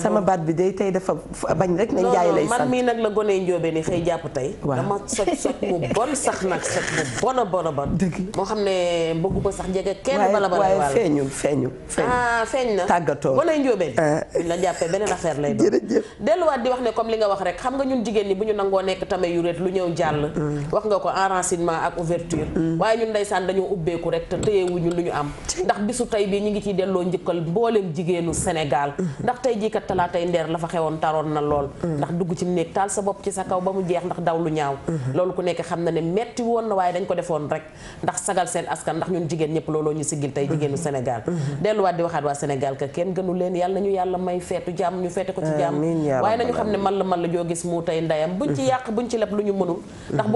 sama baat bi day tey dafa bañ rek. ne njaay lay sant man mii nag la gone njóobee ni xëy jàpp tey. dama soj soj mu bon sax nag soj mu bon a bon a bon. dëgg moo xam ne bëggu ko sax jege kenn. bala bala waaye feeñul feeñul. ah feeñ na tàggatoo gone njóobee ah. la jàppee beneen affaire lay (laughs) doon. jërëjëf delluwaat di wax ne comme li nga wax rek xam nga ñun jigéen ñi bu ñu nangoo nekk tame yu ret lu ñëw jàll. Mm. wax nga ko enracinement ak ouverture. Mm. waaye ñun ndeysaan dañoo ubbeeku rek te téyewuñu lu ñu am. ndax bisu tey bii ñu ngi ciy delloo njëkkal mboolem jigéenu Sénégal mm-hmm. ndax tey jii kat talaatay ndeer la fa xewoon taroon na lool mm. ndax dugg ci mu néeg taal sa bopp ci sa kaw ba mu jeex ndax daw lu ñaaw mm-hmm. loolu ku nekk xam na ne metti woon na waaye dañ ko defoon rek ndax sagal seen askan ndax ñun jigéen ñëpp looloo ñu siggil tey jigéenu mm-hmm. Sénégal mm-hmm. delluwaat di waxaat waa Sénégal ka kenn gënu leen yàlla nañu yàlla may feetu jàmm ñu feete ko ci jàmm waaye nañu xam ne man la man la joo gis mu tey ndayam buñ ci yàq buñ ci leb lu ñu mënul ndax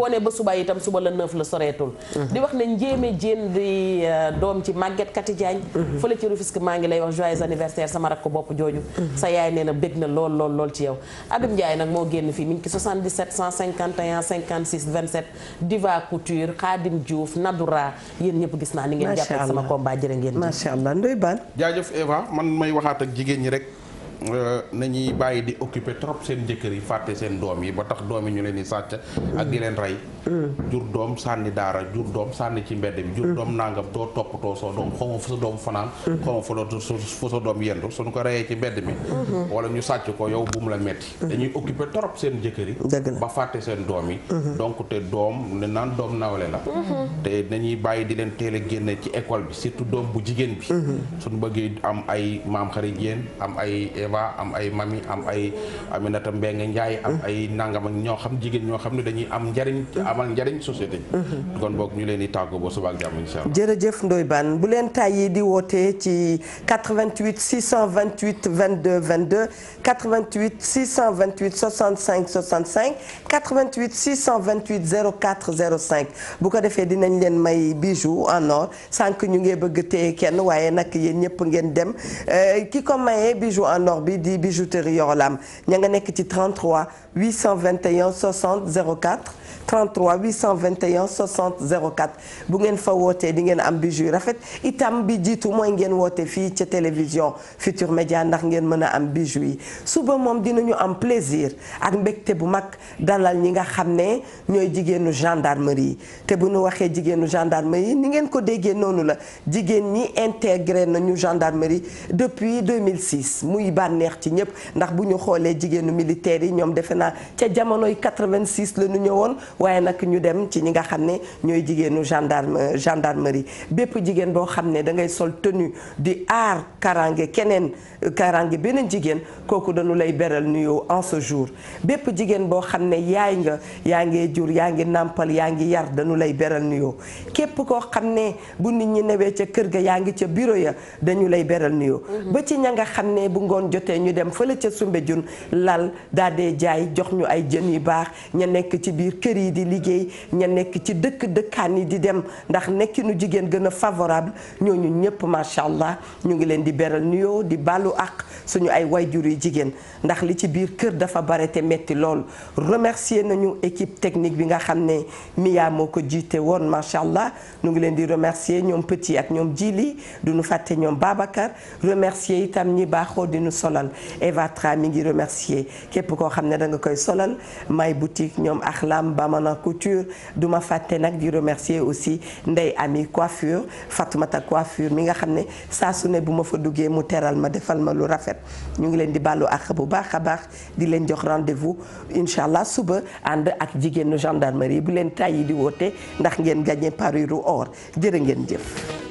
boo la neuf la soreetul di wax ne njéeme jéen di euh, doom ci màgget kati jaañ fële ci Rufisque maa ngi lay wax joyeux anniversaire sama rakk bopp sa yaay nee na bég na lool lool lool ci yow Adam Ndiaye nag moo génn fii mi ngi ci 77 151 56 27 Diva Couture Khadim Diouf Nadoura yéen ñëpp gis naa ni ngeen jàppale sama combat jërë ngeen macha allah ndoy baan jaajëf Eva man may waxaat ak jigéen ñi rek Euh, nañuy bàyyi di occuper trop seen jëkkër yi fàtte seen doom yi ba tax doom yi ñu leen di sàcc ak di leen rey mm. jur doom sànni daara jur doom sànni ci mbedd bi jur mm. doom nangam doo toppatoo sa doom doom fanaan mm. xaw ma fu doom yendu suñu ko reyee ci mbedd mi mm-hmm. wala ñu sàcc ko yow bu la metti mm-hmm. dañuy occuper trop seen jëkkër yi ba fàtte seen doom yi mm-hmm. donc te doom ne naan doom nawle la te nañuy bàyyi di leen teel a génne ci école bi surtout doom bu jigéen bi suñ bëggee am ay maam xarit yéen am ay Keba am ay mami am ay Aminata Mbengue Ndiaye am ay nangam ak ñoo xam jigéen ñoo xam ne dañuy am njariñ amal njariñ société bi mm-hmm. kon boog ñu leen di tàggu ba suba ak jàmm insha allah jërëjëf ndoy baan bu leen tàyyi di wootee ci vingt 88 628 22 22 88 628 65 65 88 628 04 05 bu ko defee dinañ leen may bijou en or sànq ñu ngi bëgg téye kenn waaye nag yéen ñëpp ngeen dem euh, ki ko mayee bijou en or or bi di bijouterie Yorolam ña nga nekk ci 33 821 60 04 33 821 60 04 bu ngeen fa wootee di ngeen am bijou yu rafet itam bi jiitu mooy ngeen woote fii ca télévision Futur Média ndax ngeen mën a am bijou yi suba moom dinañu am plaisir ak mbégte bu mag dalal ñi nga xam ne ñooy jigéenu yi te bu nu waxee jigéenu yi ni ngeen ko déggee noonu la jigéen ñi intégré nañu gendarmerie depuis 2006 muy bànneex ci ñëpp ndax bu ñu xoolee jigéenu militaire yi ñoom defe naa ca jamonoy 86 la ñu ñëwoon waaye nag ñu dem ci ñi nga xam ne ñooy jigéenu gendarme gendarmerie bépp jigéen boo xam ne da ngay sol tenu di aar karange keneen karange benn jigéen kooku dañu lay beral nuyoo en ce jour bépp jigéen boo xam ne yaay nga yaa ngi jur yaa ngi nàmpal yaa ngi yar dañu lay beral nuyoo képp koo xam ne bu nit ñi newee ca kër ga yaa ngi ca bureau ya dañu lay beral nuyoo mhm. ba ci ña nga xam ne bu ngoon jotee ñu dem fële ca Soumbédioune lal daal dee jaay jox ñu ay jën yu baax kër yi di liggéey ña nekk ci dëkk dëkkaan yi di dem ndax nu jigéen gën a favorable ñooñu ñëpp macha allah ñu ngi leen di beral nuyoo di balu ak suñu ay wayjur yu jigéen ndax li ci biir kër dafa bare te metti lool remercier nañu équipe technique bi nga xam ne Mia moo ko jiite woon macha allah ñu ngi leen di remercier ñoom petit ak ñoom jili du ñu fàtte ñoom Babacar remercier itam ñi baaxoo di ñu solal Eva Tra mi ngi remercier képp koo xam ne da nga koy solal Bamana Couture du ma fàtte nag di remercier aussi Ndey Ami Coiffure Fatoumata Coiffure mi nga xam ne saa su ne bu ma fa duggee mu teral ma defal ma lu rafet ñu ngi leen di bàllu ak bu baax a baax di leen jox rendez-vous incha allah suba ànd ak jigéenu gendarmerie bu leen tàyyi di woote ndax ngeen gagné parure or jërë ngeen jëf.